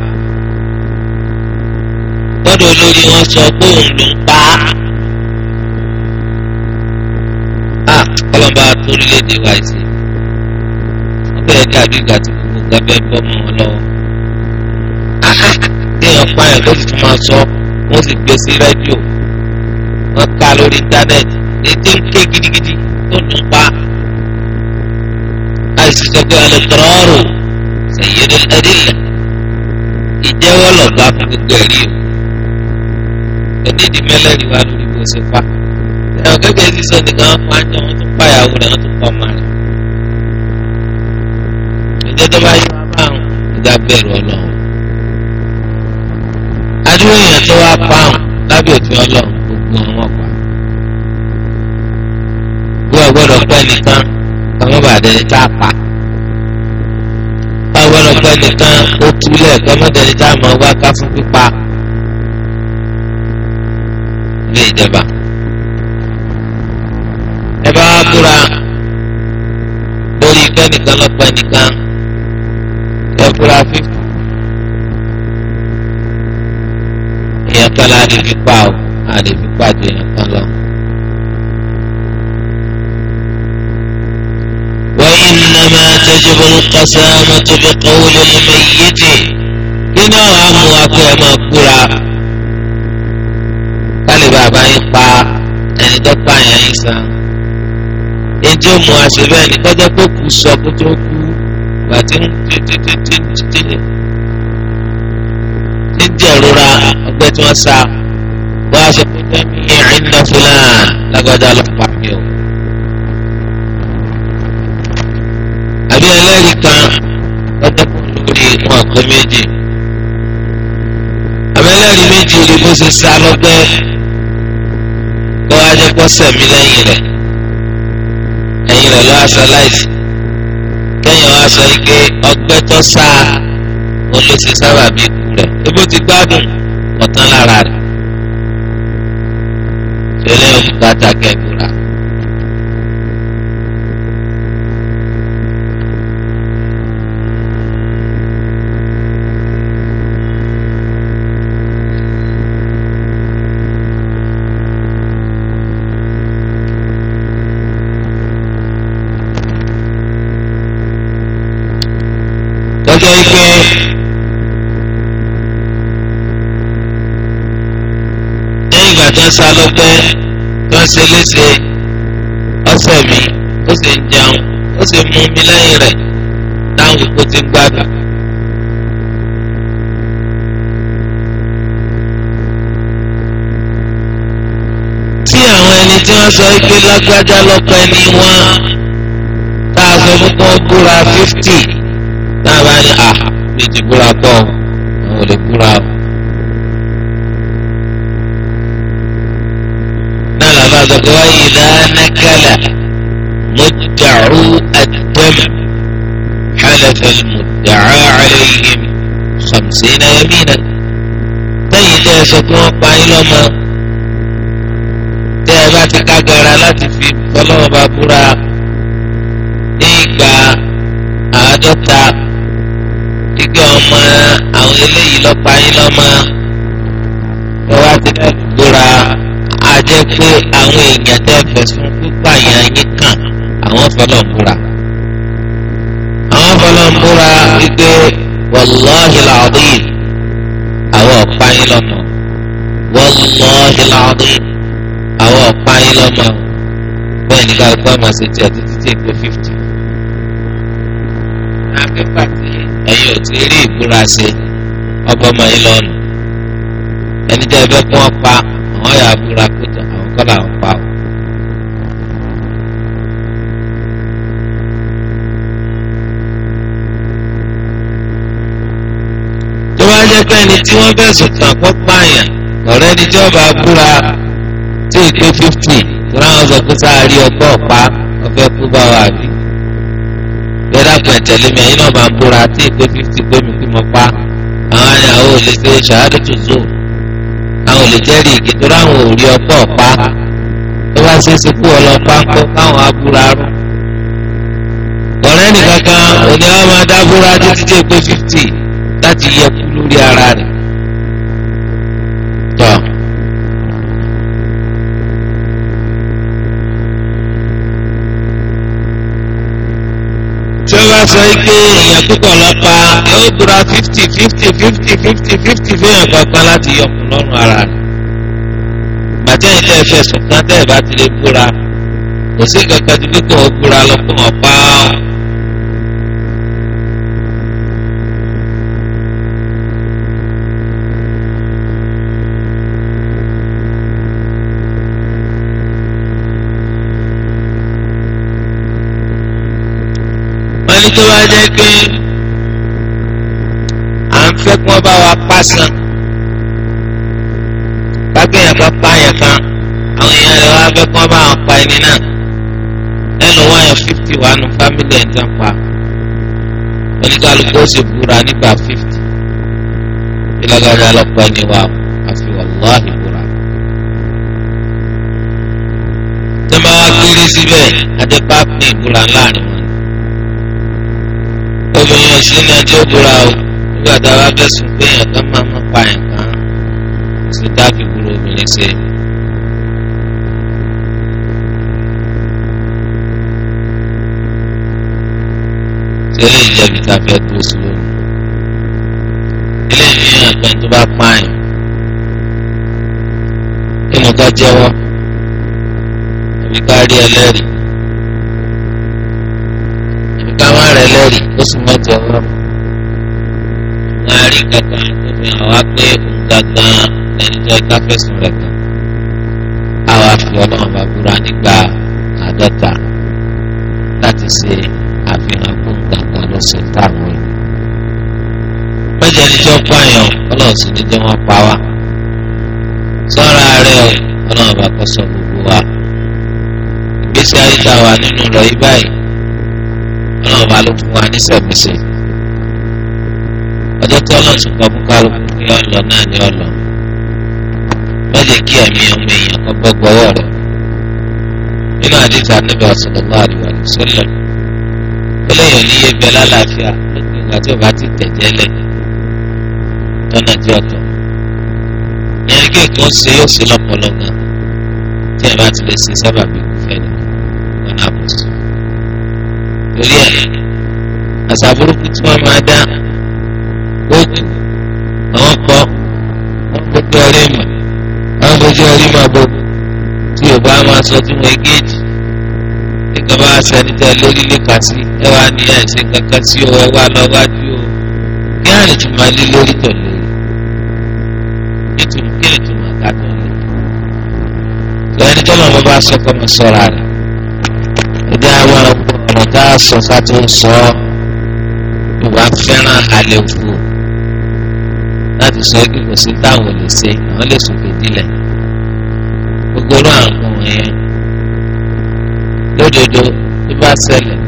Speaker 2: gbọ́dọ̀ olórí wọn sọ pé òun ló ń pa á kọlọmọba torílẹ̀èdè wa ẹsẹ wọn bẹ̀rẹ̀ dàbí ìgbà tí gbogbo nǹkan fẹ́ẹ́ bọ́ mọ́ wọn lọ́wọ́ téèyàn pààyàn ló sì tún máa sọ wọn sì gbé sí rédíò wọn ká lórí íńtánẹ́ẹ̀tì ètò ń ké gidigidi tó dùn pa àìsí sọ pé alẹ́kọ̀rọ́rù ṣèyídó ẹ̀dínlẹ̀ ìjẹ́wọ́ lọ́gà fún gbogbo ẹ̀rí o onídìí mẹ́lẹ́rìí wà lórí bó ṣe pa ẹ̀rọ gẹ́gẹ́ sí sọ nìkan wọn pa ẹjọ́ wọn tún pa ìyàwó rẹ̀ wọn tún pa ọmọ rẹ̀ ìjọ tó bá yí wọn bá wọn ìjà bẹ̀rù ọlọ́run adúlóyìn tó wá pa wọn lábẹ́ òfin ọlọ́run gbogbo àwọn ọkọ. pẹ́ nìkan kọ́mọ́ bàdẹ́ni tá a pa báwo lọ pẹ́ nìkan ó túlẹ̀ kọ́mọ́ dẹ́ni tá a mọ̀ wá ká fún pípa ilé ìjọba. المسامة بقول الميت nínú àwọn amú akọ ẹ máa búra kálí bàbá yín pa ẹni tó pa yẹn yín san ètò mú àṣẹ bẹ́ẹ̀ ni kọjá pé kù sọ kó tó kú gbàtí ń jẹ̀rora ọgbẹ́ tí wọ́n ní méjì abẹ́lẹ́rìí méjì rí bó ṣe sá lọ́gbẹ́ kó ajẹ́ kó sẹ̀mí lẹ́yìn rẹ̀ ẹ̀yìn rẹ̀ lọ́wọ́ aṣọ láìsí kẹ́yìn wá sọ ike ọgbẹ́ tó sá olóṣè sábà bíi ikú rẹ̀ ebó ti gbádùn ọ̀tán lára rẹ̀ ṣẹlẹ̀ òkúta kẹ́kọ̀ọ́ rà. sá lọ́pẹ́ tí wọ́n ṣe léṣe ọ̀sẹ̀ mi ó sì ń jẹun ó sì mú mi lẹ́yìn rẹ̀ táwọn èkó ti ń gbádùn. tí àwọn ẹni tí wọ́n sọ pé lágbájá lọ́pẹ́ ni wọ́n tá a sọ fún kọ́ búra fífítì náà bá ní à ah, lè ti búra pọ̀ àwọn ò lè búra o. نكل مدعو الدم حلف المدعى عليهم خمسين يمينا lẹ́yìn ilé ẹsẹ̀ tí wọ́n pa yín lọ́mọ tẹ́ ẹ bá ti kágara láti fi ọlọ́wọ́ búra ní àádọ́ta ike ọmọ àwọn eléyìí lọ́pa yín lọ́mọ ẹ wá ti fẹ́ búra ajẹ́ pé àwọn èèyàn tẹ́ fẹ̀sùn pípààyàn yín kàn àwọn fọlọ́ múra àwọn fọlọ́ múra wípé wàlláhi làdín àwọn ọ̀pá yín lọ́mọ wàlláhi làdín àwọn ọ̀pá yín lọ́mọ bẹ́ẹ̀ ni káwọn gbọ́ màá ṣe tiẹ̀ títí tí èpè fífitì. akẹ́kọ̀ọ́ àti ẹ̀yin ò ti rí ìbúra ṣe ọgbọ́n mọ́ yín lọ́nu ẹni tẹ́ ẹ fẹ́ kún ọ pa àwọn yà á búra kú kọ́ là ń pa o. tó bá jẹ́ pé ẹni tí wọ́n fẹ̀sùn kàn kó pààyàn ọ̀rẹ́ ni jọba búra tí ìpè fifty tó láwọn sọ pé sáà rí ọgbọ́n ọ̀pá ọ̀fẹ́ kú bá wà bí gbẹdàgbọn tẹlẹ mi ẹyin náà máa ń búra tí ìpè fifty pé mi pa àwọn àyàwó lè ṣe ṣàádùtù zoo ò lè jẹ́rìí igi tó ráwọn ò rí ọgbọ́n ọ̀pá tó bá ṣe é ṣe kú ọlọ́pàá ń kó káwọn abúra rú. ọ̀rẹ́ nìkan kan òní àwọn máa dábúra títí dé pé fifty láti yẹ kú lórí ara rẹ̀. púpọ̀ lọ́pa ẹ ó tura fifty fifty fifty fifty fifty fẹ́yàn kankan láti yọkùn lọ́rùn ara rẹ̀ gbàtẹ́ ilé ẹ̀fẹ́ sùn kan tẹ́ ẹ̀ bá ti lè búra kò sí kankan ju kíkọ́ ó búra lọ́kùn ọ̀pá ọ̀. tó bá jẹ́ pé lásán kápẹ́yìn kan pààyàn kan àwọn èèyàn rẹ̀ wá fẹ́ kí wọ́n bá wọn pa ẹni náà lẹ́nu wáyà fífítì wà nù fámìlì ẹ̀ ń tàn pa oníkàlùkù ó sì búra nígbà fífítì ìlàgàdà lọ́pọ̀ ẹni wa àfi wàláhì búra. tẹ́lẹ̀ wá kéré síbẹ̀ àti pápẹ́ ìbúra láàrin wọn. obìnrin ọ̀sìn ní ajé búra o nígbà tá a bá fẹ́ sùn pé ẹ̀ka pa nǹkan ṣe dáàbì gbúrò obìnrin ṣe. tẹ́lẹ̀ ìjẹ́bi tá a fẹ́ tó sí lónìí. eléyìí ní àgbẹ̀ tó bá pààyàn nínú ká jẹ́wọ́ àbí ká rí ẹlẹ́rìí àbí ká má rẹ̀ ẹlẹ́rìí ó sì má jẹ́wọ́ láàrin kankan fi hàn wá pé gangan ẹni tó ẹka fẹ̀sùn rẹ̀ kàn àwa fi ọlọ́run bá búra nígbà àádọ́ta láti ṣe àfihàn fún gangan ló ṣe táwọn ẹ̀. mẹ́jọ ni jọ́ pààyàn ọlọ́run sì ní jẹ́ wọ́n pa wá sọ́ra rẹ̀ ọlọ́run bá kọ́ sọ gbogbo wa ìgbésí ayé tá wà nínú rẹ̀ yí báyìí ọlọ́run bá ló fún wa ní sẹ̀mísẹ̀ ọjọ́ tí ọlọ́run sì kọ fún kálukú pé ọlọ náà ni ọlọ má lè kí ẹ̀mí ọmọ èèyàn kan bọ́ gbọ́wọ́ rẹ̀ nínú àdìsá níbi ọ̀sọ̀lọ́gbọ́ àdìwà ìṣẹ̀lẹ̀ eléyìí oníyé bẹ lálàáfíà lópin ìgbà tí o bá ti tẹ̀jẹ́ lẹ̀ tọ́nà tí ọ̀tọ̀ ní ẹni kéèké ó ṣe yóò ṣe lọ́pọ̀lọ́ gan tí ẹ̀ bá ti lè ṣe sábàbí ìkúfẹ́ ni wọn náà bọ̀ torí ẹ̀ àṣà burúkú tí wọ́n máa dá kẹrin mà àwọn fojú ẹrí mà bò tí yorùbá á máa sọ tí wọn géèjì nígbà bá sẹni tẹ lórí lẹka sí ẹ wá ní kankan sí o ẹ wá lọ wájú o kí á tún máa lé lórí tọ̀ lórí nítorí máa ká tọ̀ lórí tó ẹni bá sọ kọ́ mi sọ̀rọ̀ rẹ̀ ẹ̀dá àwọn láti sọ pé kò sí táwọn lè ṣe àwọn lè sòkè dílẹ̀ gbogbo orú àwọn nǹkan wọ̀nyẹn lódodo tó bá ṣẹlẹ̀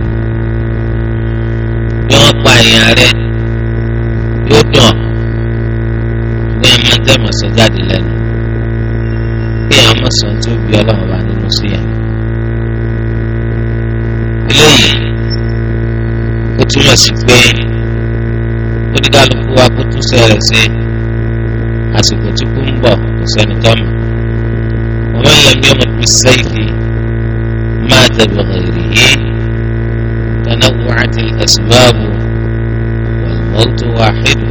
Speaker 2: bí wọ́n pa èèyàn rẹ yóò dùn ní ẹ̀ máa ń tẹ̀ mọ̀sán jáde lẹ́nu kí èèyàn mọ̀sán tó bí ọlọ́run wà nínú sí yẹn. eléyìí ó túmọ̀ sí pé oníkálukú wa kó túnṣe rẹ̀ sí àsìkò tí kú ń bọ̀ kò sẹ́ni tó mọ̀ ọmọ yẹn mi ọmọ bíi sẹ́yìí máa dàbí ọ̀rẹ́ yìí tọ́nà wàhátì ẹ̀sìbáàbù wàlmọ́tò wàhídù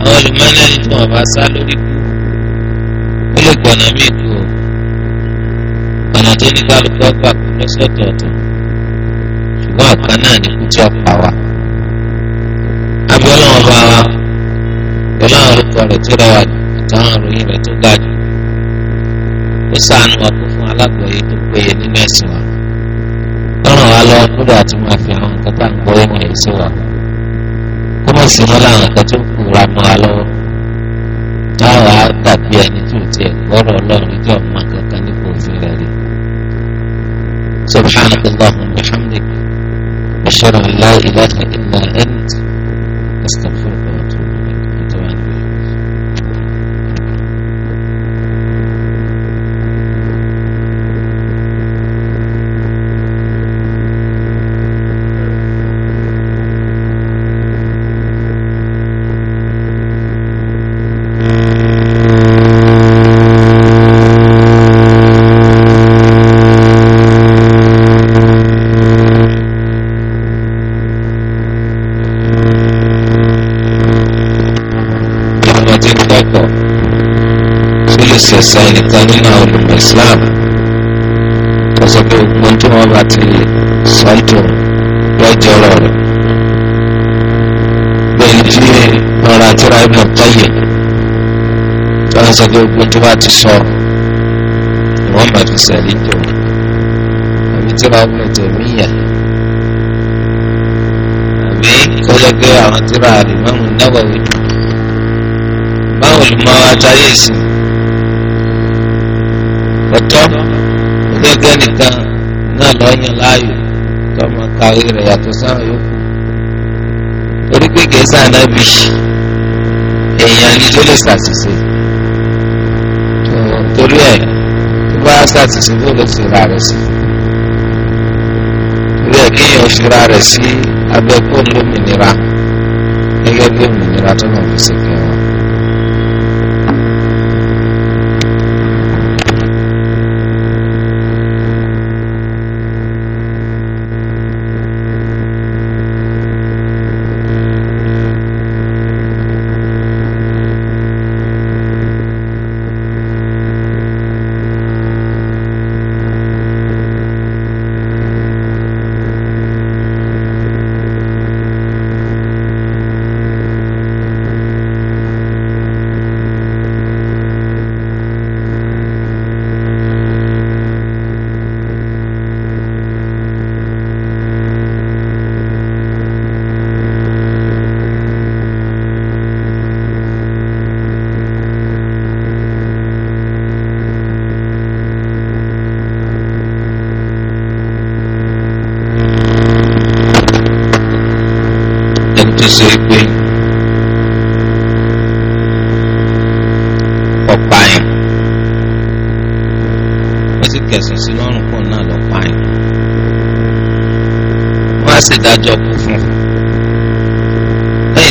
Speaker 2: àwọn olùmọ́lẹ́ ní tí wọ́n bá sá lórí kú ó lè gbọ̀nà kú o ọ̀nà tó ní kálukú ọgbà kú lọ́sọ̀tọ̀ọ̀tọ̀ ṣùgbọ́n ọ̀kan náà ní kú tí ó pa wá. orúkọ rẹ̀ tó rẹwà jù àtàwọn ìròyìn rẹ̀ tó ga jù ó ṣàánú wa kó fún alágbọ̀ọ́yé tó péye nínú ẹ̀sìn wa tọ́ràn wa lọ lórí àti máa fi àwọn nǹkan tá à ń gbọ́ ìwọ̀n yìí sí wa kó mọ̀ sí wọn láwọn nǹkan tó kù ra mọ́ wa lọ́wọ́ táwa dàbí ẹni tó tiẹ̀ gbọ́rọ̀ ọlọ́run ìjọ ọmọ kankan nípa òfin rẹ̀ rí subhanallahu wa bihamdik ashhadu an la ilaha illa anta islam tó sọ pé ohun tí wọ́n bá ti sọ́ńtò lọ́jọ́ rẹ̀ bẹ́ẹ̀ tí wọ́n ra tíra ibùdó tọ́yè tó sọ pé ohun tí wọ́n ti sọ wọ́n máa fi sẹ́rí jọ àbí tíra ibùdó tẹ̀míyà àbí kọ́jọ́ pé àwọn tíra àlùmọ́ọ̀mù náwó wíjọ báwo ló máa wá táyé sí i ọ̀tọ̀ gẹ́gẹ́ nìkan náà lọ́yàn láàyò tọmọ kàwé rẹ̀ yàtọ̀ sáwọn yòókù torí pé gẹ̀ẹ́sà náà bì èèyàn ni tó lè ṣàṣìṣe torí ẹ̀ tó bá ṣàṣìṣe bó ló ti ra rẹ̀ sí torí ẹ̀ kéèyàn fi ra rẹ̀ sí abẹ́kọ̀ọ́ lómìnira gẹ́gẹ́ bí òmìnira tó náà fi ṣe k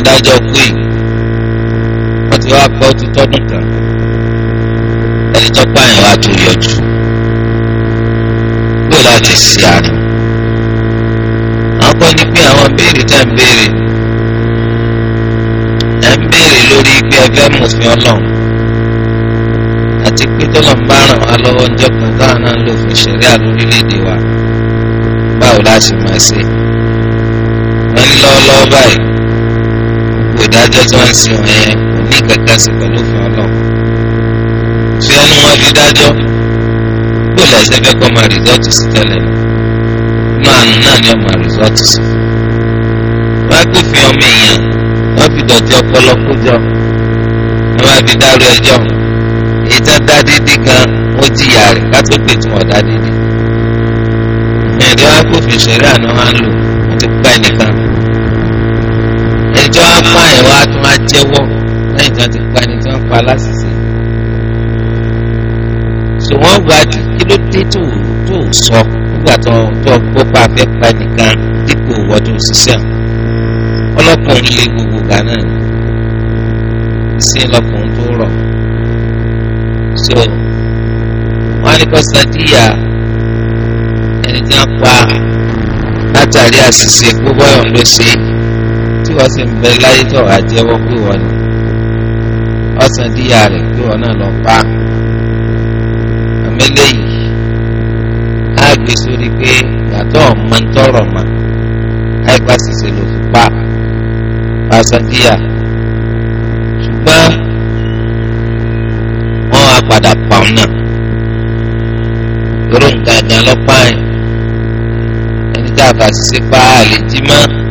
Speaker 2: dájọ́ pé wọ́n ti wá gbọ́ ti tọ́dún kan ẹni tó pààyàn wá tó yọjú pé láti ṣe àárín àwọn kan ní pé àwọn béèrè tẹ́ ń béèrè ẹ̀ ń béèrè lórí pé ẹ fẹ́ mọ̀fin ọlọ́run àti pé tọ́lọ́n bá ràn wá lọ́wọ́ ńjọ́ kan táwọn náà ń lò fún ṣẹ̀ríà lórílẹ̀‐èdè wa báwo la ṣe máa ṣe wọ́n ní lọ́wọ́lọ́wọ́ báyìí gbogbo ìdájọ́ tí wọ́n ń sìn ẹ̀ ní kankan sí pẹ̀lú òfin ọlọ́run fi ẹnu wọn fi dájọ́ kó lẹ́sẹ̀ fẹ́ kọ́ máa rìsọ́ọ̀tù sí tẹ́lẹ̀ inú àánú náà ni ọmọ rìsọ́ọ̀tù sí wọ́n á pè fi ọmọ èèyàn wọ́n fi dọ̀tí ọpọlọ kó jọ wọ́n máa fi dárú ẹjọ́ ìta dá dídí gan ó jìyà rẹ̀ kátó pè tí wọ́n dá dídí
Speaker 1: ẹ̀ẹ́dẹ́wọ́n á pè fi ṣẹ̀rí àná wọn lò wọ́n ti pa ẹnìkan pa ẹ̀ wá tó máa jẹ́wọ́ lẹ́yìn tí wọ́n ti pa ẹni tí wọ́n pa láṣìṣe. sọ wọ́n wá jù kí ló dé tó tó sọ nígbà tó
Speaker 2: tó gbọ́ pa afẹ́ pa nìkan dípò wọ́dọ̀ òṣìṣẹ́ ọlọ́kùnrin lé gbogbo gánà sí lọ́kùnrin tó rọ̀ so wọ́n á ní kọ́ sadíyà ẹni tí wọ́n pa
Speaker 1: látàrí àṣìṣe gbogbo ọ̀hún ló ṣe é wọ́n sì ń bẹ láyé tó wàá jẹ́wọ́ pé wọ́n ni ọ̀sán díyà rẹ̀ pé wọ́n náà lọ pa àmẹ́lẹ́ yìí á gbé sórí pé
Speaker 2: gbàtọ́ ọ̀mọ tọrọ mà àìpá ṣiṣẹ́ ló fi pa ọ̀sán díyà ṣùgbọ́n wọ́n á padà pa ọ́n náà lórí lọ́pàá ẹ̀ ẹni tí a bá ṣiṣẹ́ pa á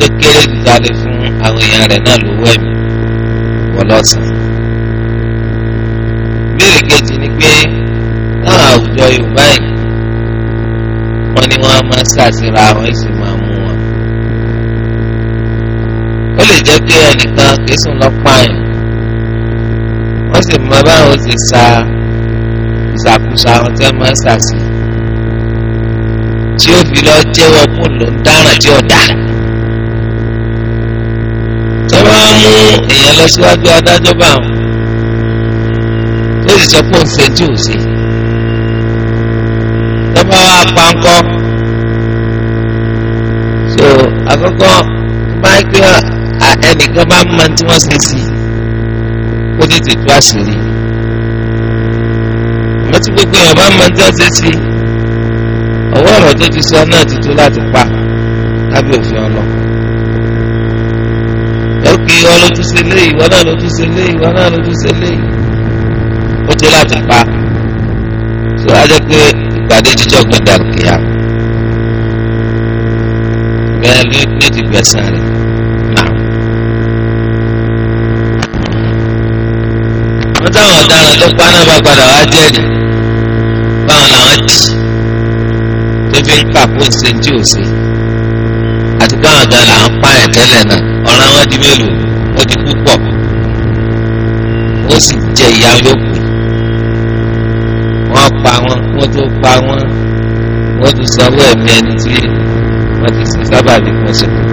Speaker 2: tó kéré gbígbà lè fún àwọn èèyàn rẹ̀ náà lówó ẹ̀mí ọlọ́sàn. ìbéèrè kejì ni pé láwọn àwùjọ Yorùbá yìí wọ́n ní wọ́n máa ń ṣàṣìra àwọn ìsìn máa mú wọn. ó lè jẹ́ pé ẹnìkan kìí sùn lọ́pàáyàn wọ́n sì mọ báwọn ti sa ìṣàkóso àwọn tẹ́ máa ń ṣàṣì tí ó fi lọ jẹ́wọ́ fún lòún dáràn tí ó dára máa mú èèyàn lọ síwájú adájọ́ bá wọn ó sì sọ pé ó ń ṣe tí ò ṣe tọ́ba wa pa ń kọ́ so àkọ́kọ́ bá gbé ẹnìkan bá mọ tí wọ́n ṣe sí kó tètè tú àṣírí àmọ́ tí gbogbo èèyàn bá mọ tí wọ́n ṣe sí ọwọ́ ọ̀rọ̀ tó ti sọ náà ti tó láti pa lábẹ́ òfin ọlọ́pàá pé ìwọ ló tún ṣe léyìí ìwọ náà ló tún ṣe léyìí ìwọ náà ló tún ṣe léyìí ó ti látàpá tó a jẹ́ pé ìpàdé jíjọ́ gbẹ̀dà kìá bẹ́ẹ̀ ló ní ti gbẹ̀sán rẹ̀ náà. wọ́n táwọn ọ̀daràn tó pa náà bá padà wá jẹ́rìí báwọn làwọn jì tó fi ń kà kó ṣe tí ò ṣe àti báwọn ọ̀daràn là ń pààyàn tẹ́lẹ̀ náà ọ̀ràn wọn di mélòó wọ́n ti kú pọ̀ ó sì jẹ ìyá yòókù wọ́n pa wọn wọ́n tó pa wọn wọ́n ti sanwó ẹ̀mí ẹni tí wọ́n ti sin sábàbí kan sí kù.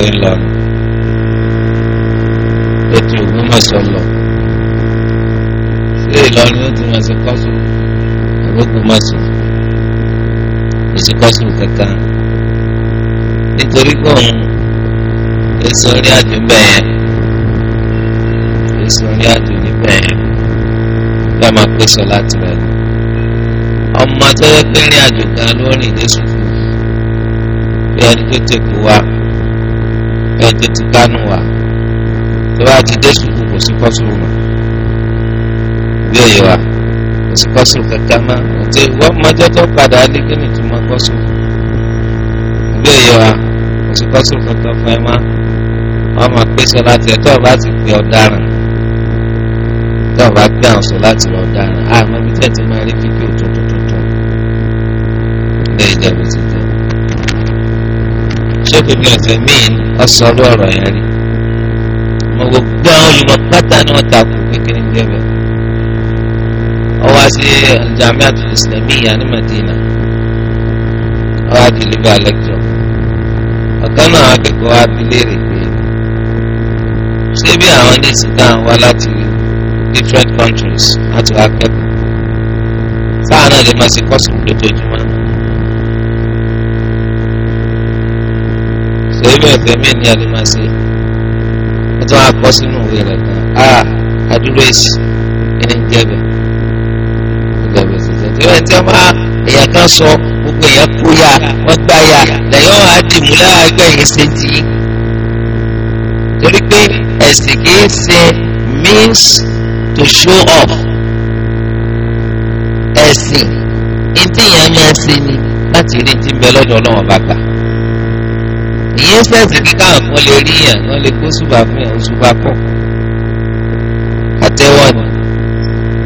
Speaker 2: lọ ètò Ògbómọ̀ṣọ́ lọ ṣé Ìlọrin ó ti máa ṣe kọ́sùn àbókùmọ̀ṣọ́ kò sí kọ́sùn kankan nítorí pé òun èso orí àjò bẹ́ẹ̀ èso orí àjò níbẹ̀ ká máa pèsè láti rẹ̀ ọmọ tó yẹ pé rìn àjò kan ló rìn dé sùkúù bí ẹni tó tẹ̀kù wá tètè ti dánú wa tó bá ti dé sùkú kò sí kọ́sùrù mọ́ bí òye wa kò sí kọ́sùrù kankan mọ́ òtí wọ́n mọ́jọ́ tó padà lé kí ni tó mọ́ kọ́sùrù bí òye wa kò sí kọ́sùrù kankan fún ẹ mọ́ wọ́n máa pé sọ láti ẹ̀ tó o bá ti pè ọ̀daràn tó o bá gbé àwọn sọ láti ọ̀daràn àmọ́ ibi tẹ́tí máa rí fídíò tuntun tuntun ilé ìjẹ̀bù ti ṣẹ́kù bí ọ̀sẹ̀ míì ọ̀sán ọdún ọ̀rọ̀ yẹn rí mo gbogbo àwọn olùmọ̀ pátá ni wọ́n takò kékeré jẹ́ bẹ́ẹ̀
Speaker 1: ọwọ́ sí Al-Jami'atul Islamiyya ní Madina ọwọ́ àdìlíbà lẹ́kítọ̀ ọ̀kan náà akẹ́kọ̀ọ́ abilérè pé
Speaker 2: ṣé bí àwọn ilé ìsìnká wá láti different countries láti wá kẹ́kọ̀ọ́ sáà náà lè máa ṣe kọ́sùn lójoojúmọ́ sèébì ọ̀fẹ́ mi ní alimase wọ́n tún akọ sínú òwe rẹ̀ kan a adúlọ èsì ẹni ń jẹ́ bẹ̀ ẹgbẹ́ bẹ̀ ṣe jẹ́ bẹ́ẹ̀ tí wọ́n bá èèyàn kan sọ gbogbo èèyàn kú ya wọ́n gbá ya lẹ́yìn ọ̀hún àdìmú láàgbẹ̀ yìí ṣe ti yí torí pé ẹ̀sìn kìí ṣe means to show off ẹ̀sìn ní tí èèyàn máa ṣe ni láti rí ti ń bẹ lọ́dọ̀ ọlọ́wọ́n bá gbà ìyẹn sẹ́ẹ̀sì ní káwọn kan lè rí yàn wọ́n lè kó ṣùgbà fún yàn ṣùgbà pọ̀ àtẹ́wọ́ ni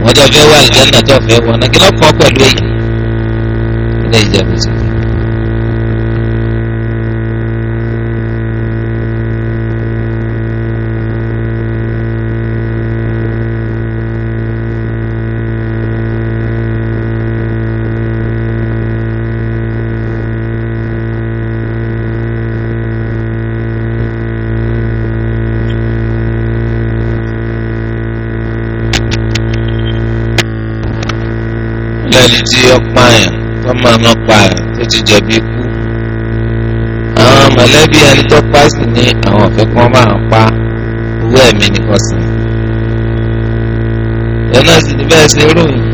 Speaker 2: wọ́n jọ fẹ́ wà lẹ́yìn náà tó fẹ́ wọ́n náà kí pẹ̀lú èyí ilé ìjẹ̀bù lẹ́ni tí ó pààyàn tó máa ma pààyàn tó ti jẹ̀bi ikú àwọn mọ̀lẹ́bí ẹni tó pa sí ní àwọn ọ̀fẹ́ kan máa ń pa owó ẹ̀mí nìkan sí i lọ́nà sì ni bẹ́ẹ̀ ṣe ròyìn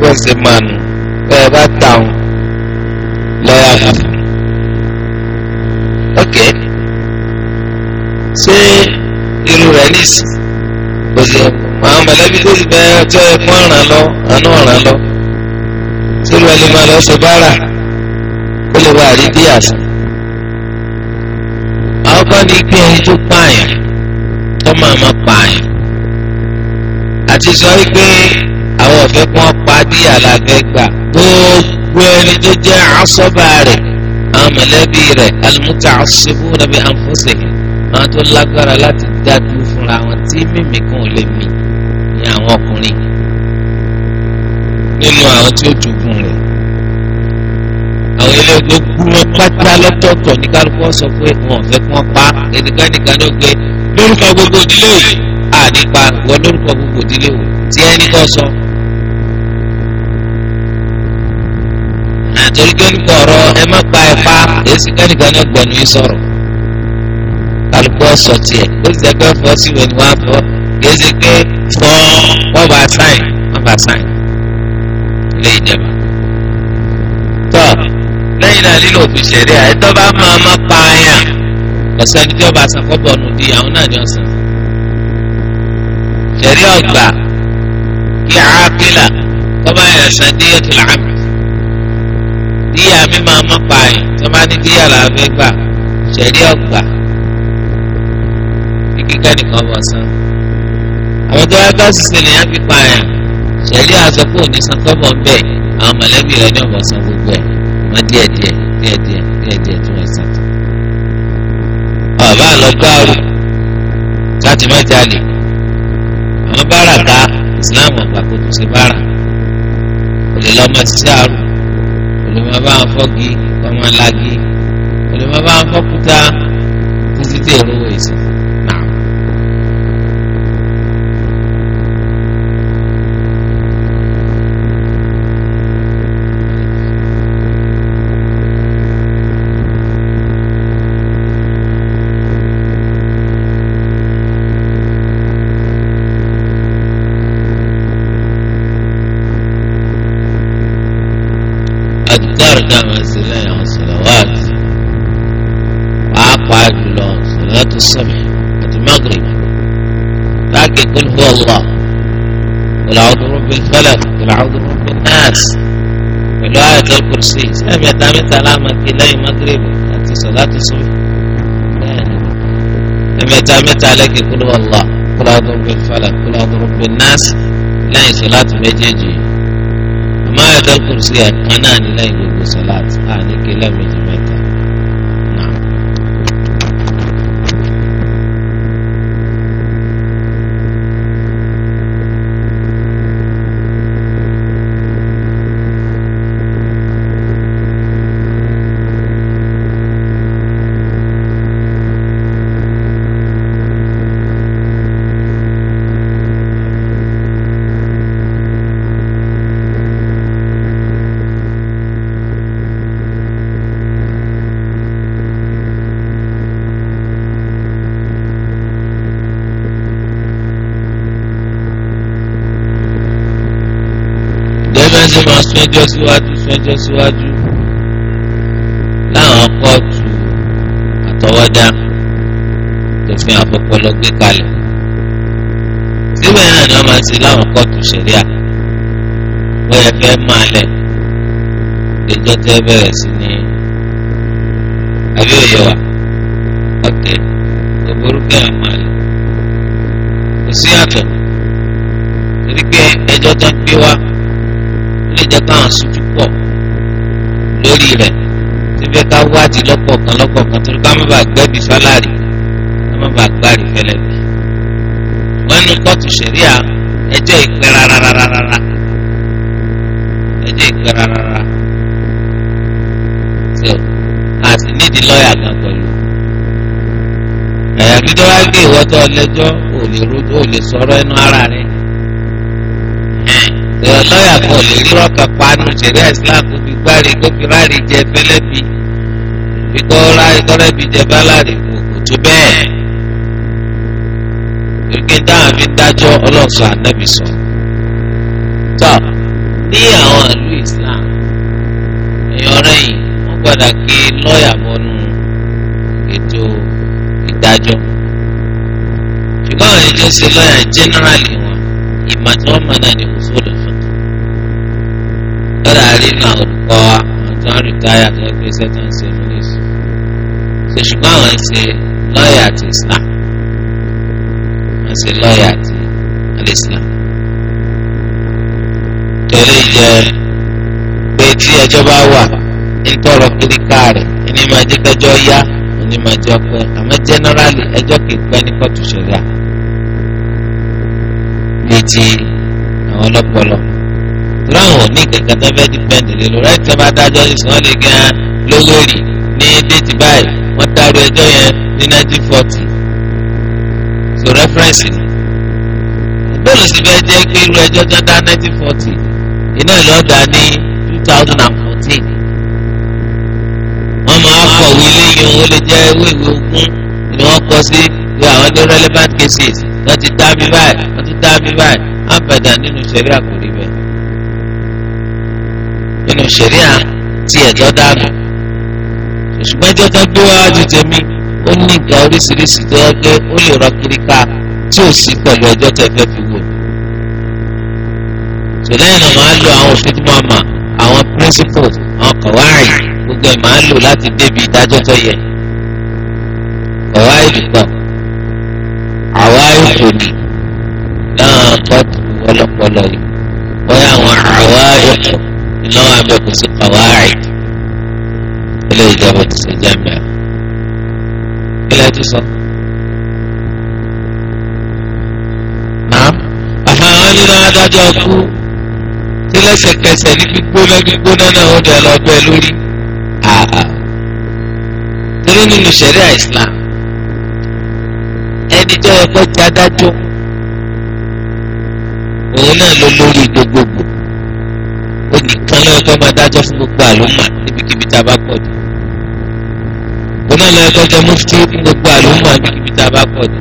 Speaker 2: bẹ́ẹ̀ ṣe máa nù bẹ́ẹ̀ bá ta lọ́yà yà fún ṣé irú rẹ̀ nìsí kò sí ẹ̀kọ́ àwọn mọ̀lẹ́bí tó ti bẹ tó yẹ fún ọ̀ràn lọ àánú ọ̀ràn lọ sílùú ẹni máa lọ ṣe bára kó lè wá àrí díà sí. àwọn bá ní gbé ẹni tó pààyàn tó máa máa pààyàn àti sọ wípé àwọn ọ̀fẹ́ kan pa díà lábẹ́ gbà gbogbo
Speaker 1: ẹni tó jẹ́ asọ́ba rẹ̀ àwọn mọ̀lẹ́bí rẹ̀ al-muta'assibuna bi anfusihim àwọn tó lágbára láti dá dúró fúnra wọn tí mímì kan ò lè mú
Speaker 2: àwọn ọkùnrin nínú àwọn tí ó jogun rẹ̀ àwọn ilé gbogbo wọn pátá lọ́tọ̀ọ̀tọ̀ ní kálukú sọ pé wọn ò fẹ́ kí wọ́n pa ẹnìkan nìkan ní ọgbẹ́ lórúkọ gbogbo ìdílé yìí àdìpa wọ lórúkọ gbogbo ìdílé wò tí ẹnì kan sọ. àtòrí kí oníkọ ọ̀rọ̀ ẹ má pa ẹ pa èsì kánìkan ní ọgbọ̀nù yìí sọ̀rọ̀ kálukú ọ̀sọ̀ tiẹ̀ ó sì ẹgbẹ́ fọ́ sí ìwé ni wọ́n á fọ́ kí ẹ ṣe sọ wọn bá sáìn wọn bá sáìn lè jẹba tọ lẹ́yìn náà lílo òfin ṣẹlẹ̀ àìtọ́ bá máa má pa àyàn ọ̀sẹ́ni tí ọba àsàkọ́bọ̀ ọ̀nù di àwọn náà ní ọ̀sán ṣẹ̀rí ọ̀gbà kí àákìlà tọ́ba yẹn san díẹ̀ tó làámù díẹ̀ àmì máa má pa àyàn tọ́ba ní díẹ̀ làá gbà ṣẹ̀rí ọ̀gbà kíkẹ́ nìkan bọ̀ sàn àwọn tó yá gáàsì sílẹ̀ yẹn fi pa àyàn ṣẹ̀rí àṣọ kò ní san tọ́bọ̀ ń bẹ̀ àwọn mọ̀lẹ́bí rẹ̀ ní ọ̀bọ̀ san gbogbo ẹ̀ mọ díẹ̀ díẹ̀ díẹ̀ díẹ̀ díẹ̀ díẹ̀ tí wọ́n san tó. bàbá àlọ́gbà rò láti má jalè àwọn bára ká Islam ọ̀gbà kò tún ṣe bára olè lọ́mọ ṣiṣẹ́ àrò olè má bá wọn fọ́gi ọmọ alági olè má bá wọn fọ́kúta títí dèrò الأصغر والعوذ برب الفلك والعوذ برب الناس والآية الكرسي سلام يتام تلامك إلي مغرب أنت صلاة الصبح لم يتامت عليك كل والله كل عوذ برب الفلك كل عوذ برب الناس
Speaker 1: لا صلاة بيجيجي ما يتام آية الكرسي أكنان إلي قلو صلاة أعني كلام يجيب
Speaker 2: ṣe máa sún ẹjọ́ síwájú sún ẹjọ́ síwájú láwọn kóòtù àtọwọ́dá tòfin àfọpọlọ gbé kalẹ̀ síbẹ̀ náà ni wọ́n máa ṣe láwọn kóòtù ṣẹ̀ríà bóyá fẹ́ máa lẹ̀ ẹjọ́ tẹ́ bẹ̀rẹ̀ sí ní àbí òye wa ọ̀tẹ̀ òbúrúkẹ́ àmàlẹ̀ kò sí àtọ̀ torí pé ẹjọ́ tó ń gbé wá jẹ́ káwọn sùjú pọ̀ lórí rẹ̀ síbẹ̀ ká wádìí lọ́kọ̀ọ̀kan lọ́kọ̀ọ̀kan torí ká má bàa gbẹ́bí sálárì ká má bàa gbárì fẹlẹ́bí. wọ́n ní kóòtù ṣẹ̀ríà ẹjẹ́ ìpẹ́ rárára ẹjẹ́ ìpẹ́ rárára so a sì nídìí lọ́ọ̀yà gan pẹ̀lú. àyàfi tó wá gbé ìwọ́tọ̀ ọlẹ́jọ́ ò lè sọ̀rọ̀ ẹnu ara rẹ̀ lọ́yà kan ò lè rí rọ́ọ̀kà panu ṣẹ̀rí islam kó fi gbárí kó fi ráàrí jẹ fẹ́lẹ́bì fi kọ́ ráàrí kọ́ rẹ́bì jẹ bálárì kò tó bẹ́ẹ̀. Ìgbé táwọn fi dájọ́ ọlọ́sọ ànábì sọ.
Speaker 1: Tọ́ ní àwọn ìlú islam ẹ̀yọ́ rẹ̀yìn wọ́n gbọ́dọ̀ kí lọ́yà bọ́nu ètò
Speaker 2: ìdájọ́. Ṣùgbọ́n àwọn ìjọsìn lọ́yà jẹ́nẹ́rálì wọn ìmọ̀ tí wọ́n mọ̀ náà ni kọ́dà nínú àwọn ọkọ àwọn tó ń rìtáyà tó ń gbèsè tó ń ṣe fúnlẹ̀sì ṣe ṣùgbọ́n àwọn ṣe lọ́ọ̀yà àti Islam wọ́n ṣe lọ́ọ̀yà àti alẹ́sìlám torí jẹ́ pé tí ẹjọ́ bá wà ń tọrọ kíríkà rẹ̀ ẹni máa jẹ́ kẹjọ́ yá ẹni máa jẹ́ ọpẹ́ àmọ́ jẹ́nẹ́rálì ẹjọ́ kìí pẹ́ ní kóòtù ṣẹlẹ̀ létí àwọn ọlọ́pọ̀lọpọ̀. láwọn ò ní kankan tó fẹ́ dípẹ́ǹdì lé lórí ẹ̀tí ọba adájọ́ ní sàn lè gan lówórì ní déètì báyìí wọ́n taari ẹjọ́ yẹn ní 1940 so rẹ́fẹ́rẹ́nsì ni bóòlù sì fẹ́ jẹ́ pé irú ẹjọ́ tó dá 1940 iná ìlọ́dà ní 2014 wọ́n máa léyìn lè jẹ́ ewé ìwé ogún ni wọ́n sí àwọn relevant cases wọ́n ti dá báyìí wọ́n ti dá báyìí wọ́n ṣẹ̀ríà tiẹ̀ tó dànù ṣùgbọ́n ẹjọ́ tó gbé wájú tèmi ó ní ìgbà oríṣiríṣi tó yẹ pé ó lè rọ kiri ká tí ò sí pẹ̀lú ẹjọ́ tẹ fẹ́ fi wò. sọlẹ́yìn náà máa lo àwọn òfin tí wọ́n mọ̀ àwọn principles àwọn kọ̀wáì gbogbo ẹ̀ máa lò láti débi ìdájọ́ tó yẹ. kọ̀wáì dùkọ̀ àwa ìfòdì náà kọ́ ọ̀pọ̀lọpọ̀ yìí bẹ kò sí kọ̀wáàrì ilé ìjọba ti ṣe jẹ́ mẹ́rin ilé ti sọ. Nàám àmọ́ àwọn nínú adájọ́ kú tí lẹ́sẹ̀kẹsẹ̀ ní gbígbóná gbígbóná náà ó dẹ̀ lọ lórí àhà. nínú ṣẹ̀ríà Islam ẹni tó yẹ ti adájọ́ òun náà ló lórí gbogbo fẹ́ máa dájọ́ fún gbogbo àlùmọ̀ níbikíbi tá a bá pọ̀ dé òun náà lọ́ọ́ kọjá mufti fún gbogbo àlùmọ̀ níbikíbi tá a bá pọ̀ dé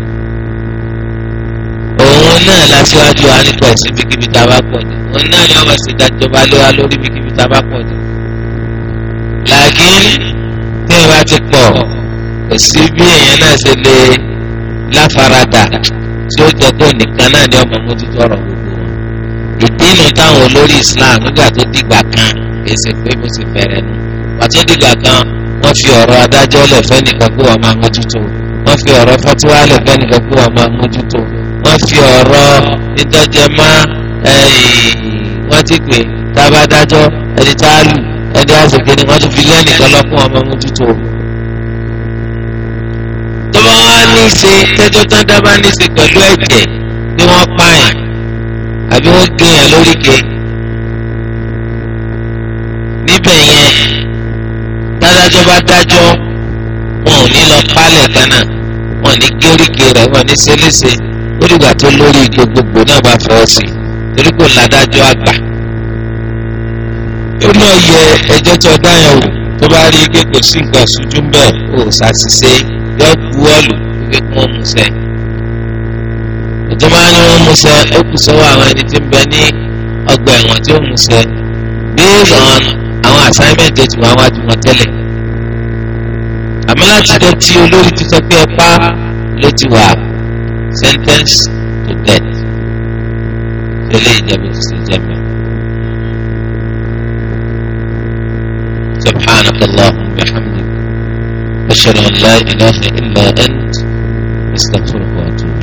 Speaker 2: òun náà lásìwájú wa nípa ẹ̀sìn bíkíbi tá a bá pọ̀ dé òun náà ni wọ́n bá ṣe dájọba lé wa lórí bíkíbi tá a bá pọ̀ dé làákín tí ìwà ti pọ̀ kò sí bí èèyàn náà ṣe lè láfaradà tí ó jẹ́ kó nìkan náà ni ọmọ mú ti tọrọ gbogbo nílùú táwọn olórí Islam nígbà tó dìgbà kan èsì pé mo sì fẹ́rẹ̀ nù pàtó dìgbà kan wọ́n fi ọ̀rọ̀ adájọ́ lẹ̀ fẹ́nìkan pé wọ́n máa mójútó wọ́n fi ọ̀rọ̀ fatiwa lẹ̀ fẹ́nìkan pé wọ́n máa mójútó wọ́n fi ọ̀rọ̀ ìtọ́jẹmọ́ wọ́n ti pè tábàdájọ́ ẹni tá a lù ẹni àṣekè ni wọ́n ti fi lẹ́nìkan lọ́kùn wọn máa mójútó. tó bá wá ní í ṣe tẹ́jọ́ tán dábàá ní í ṣe pẹ̀lú ẹ̀jẹ̀ ni wọ́n pààyàn àbí wọ́n gé yẹn lóríkè níbẹ̀ yẹn dádájọ́ bá dájọ́ wọn ò ní lọ pálẹ̀ gánà wọn ò ní gé oríkè rẹ̀ wọn ò ní ṣe léṣe ó dìgbà tó lórí ike gbogbo náà bá fọwọ́ sí i torí kò ládájọ́ àgbà ó náà yẹ ẹjọ́ tó dáyàn wò tó bá rí ike kò sí nǹkan ṣojú ń bẹ̀ ó ṣàṣìṣe yọ bu ọ́ọ̀lù kíkún ọmọ sẹ́yìn jama'a ni wọ́n mú sẹ́ ó kù sọ́wọ́ àwọn ẹni tí ń bẹ ní ọgbà ẹ̀wọ̀n tí ó mú sẹ́ based on àwọn assignment tí wọ́n wá ju wọn tẹ́lẹ̀ àmọ́ láti jẹ́ tí olórí ti sọ pé ẹ pa ló ti wà sentence to death tẹ́lẹ̀ ìjẹ́bi ti ṣe jẹ́mi. سبحانك اللهم وبحمدك أشهد أن لا إله إلا أنت أستغفرك وأتوب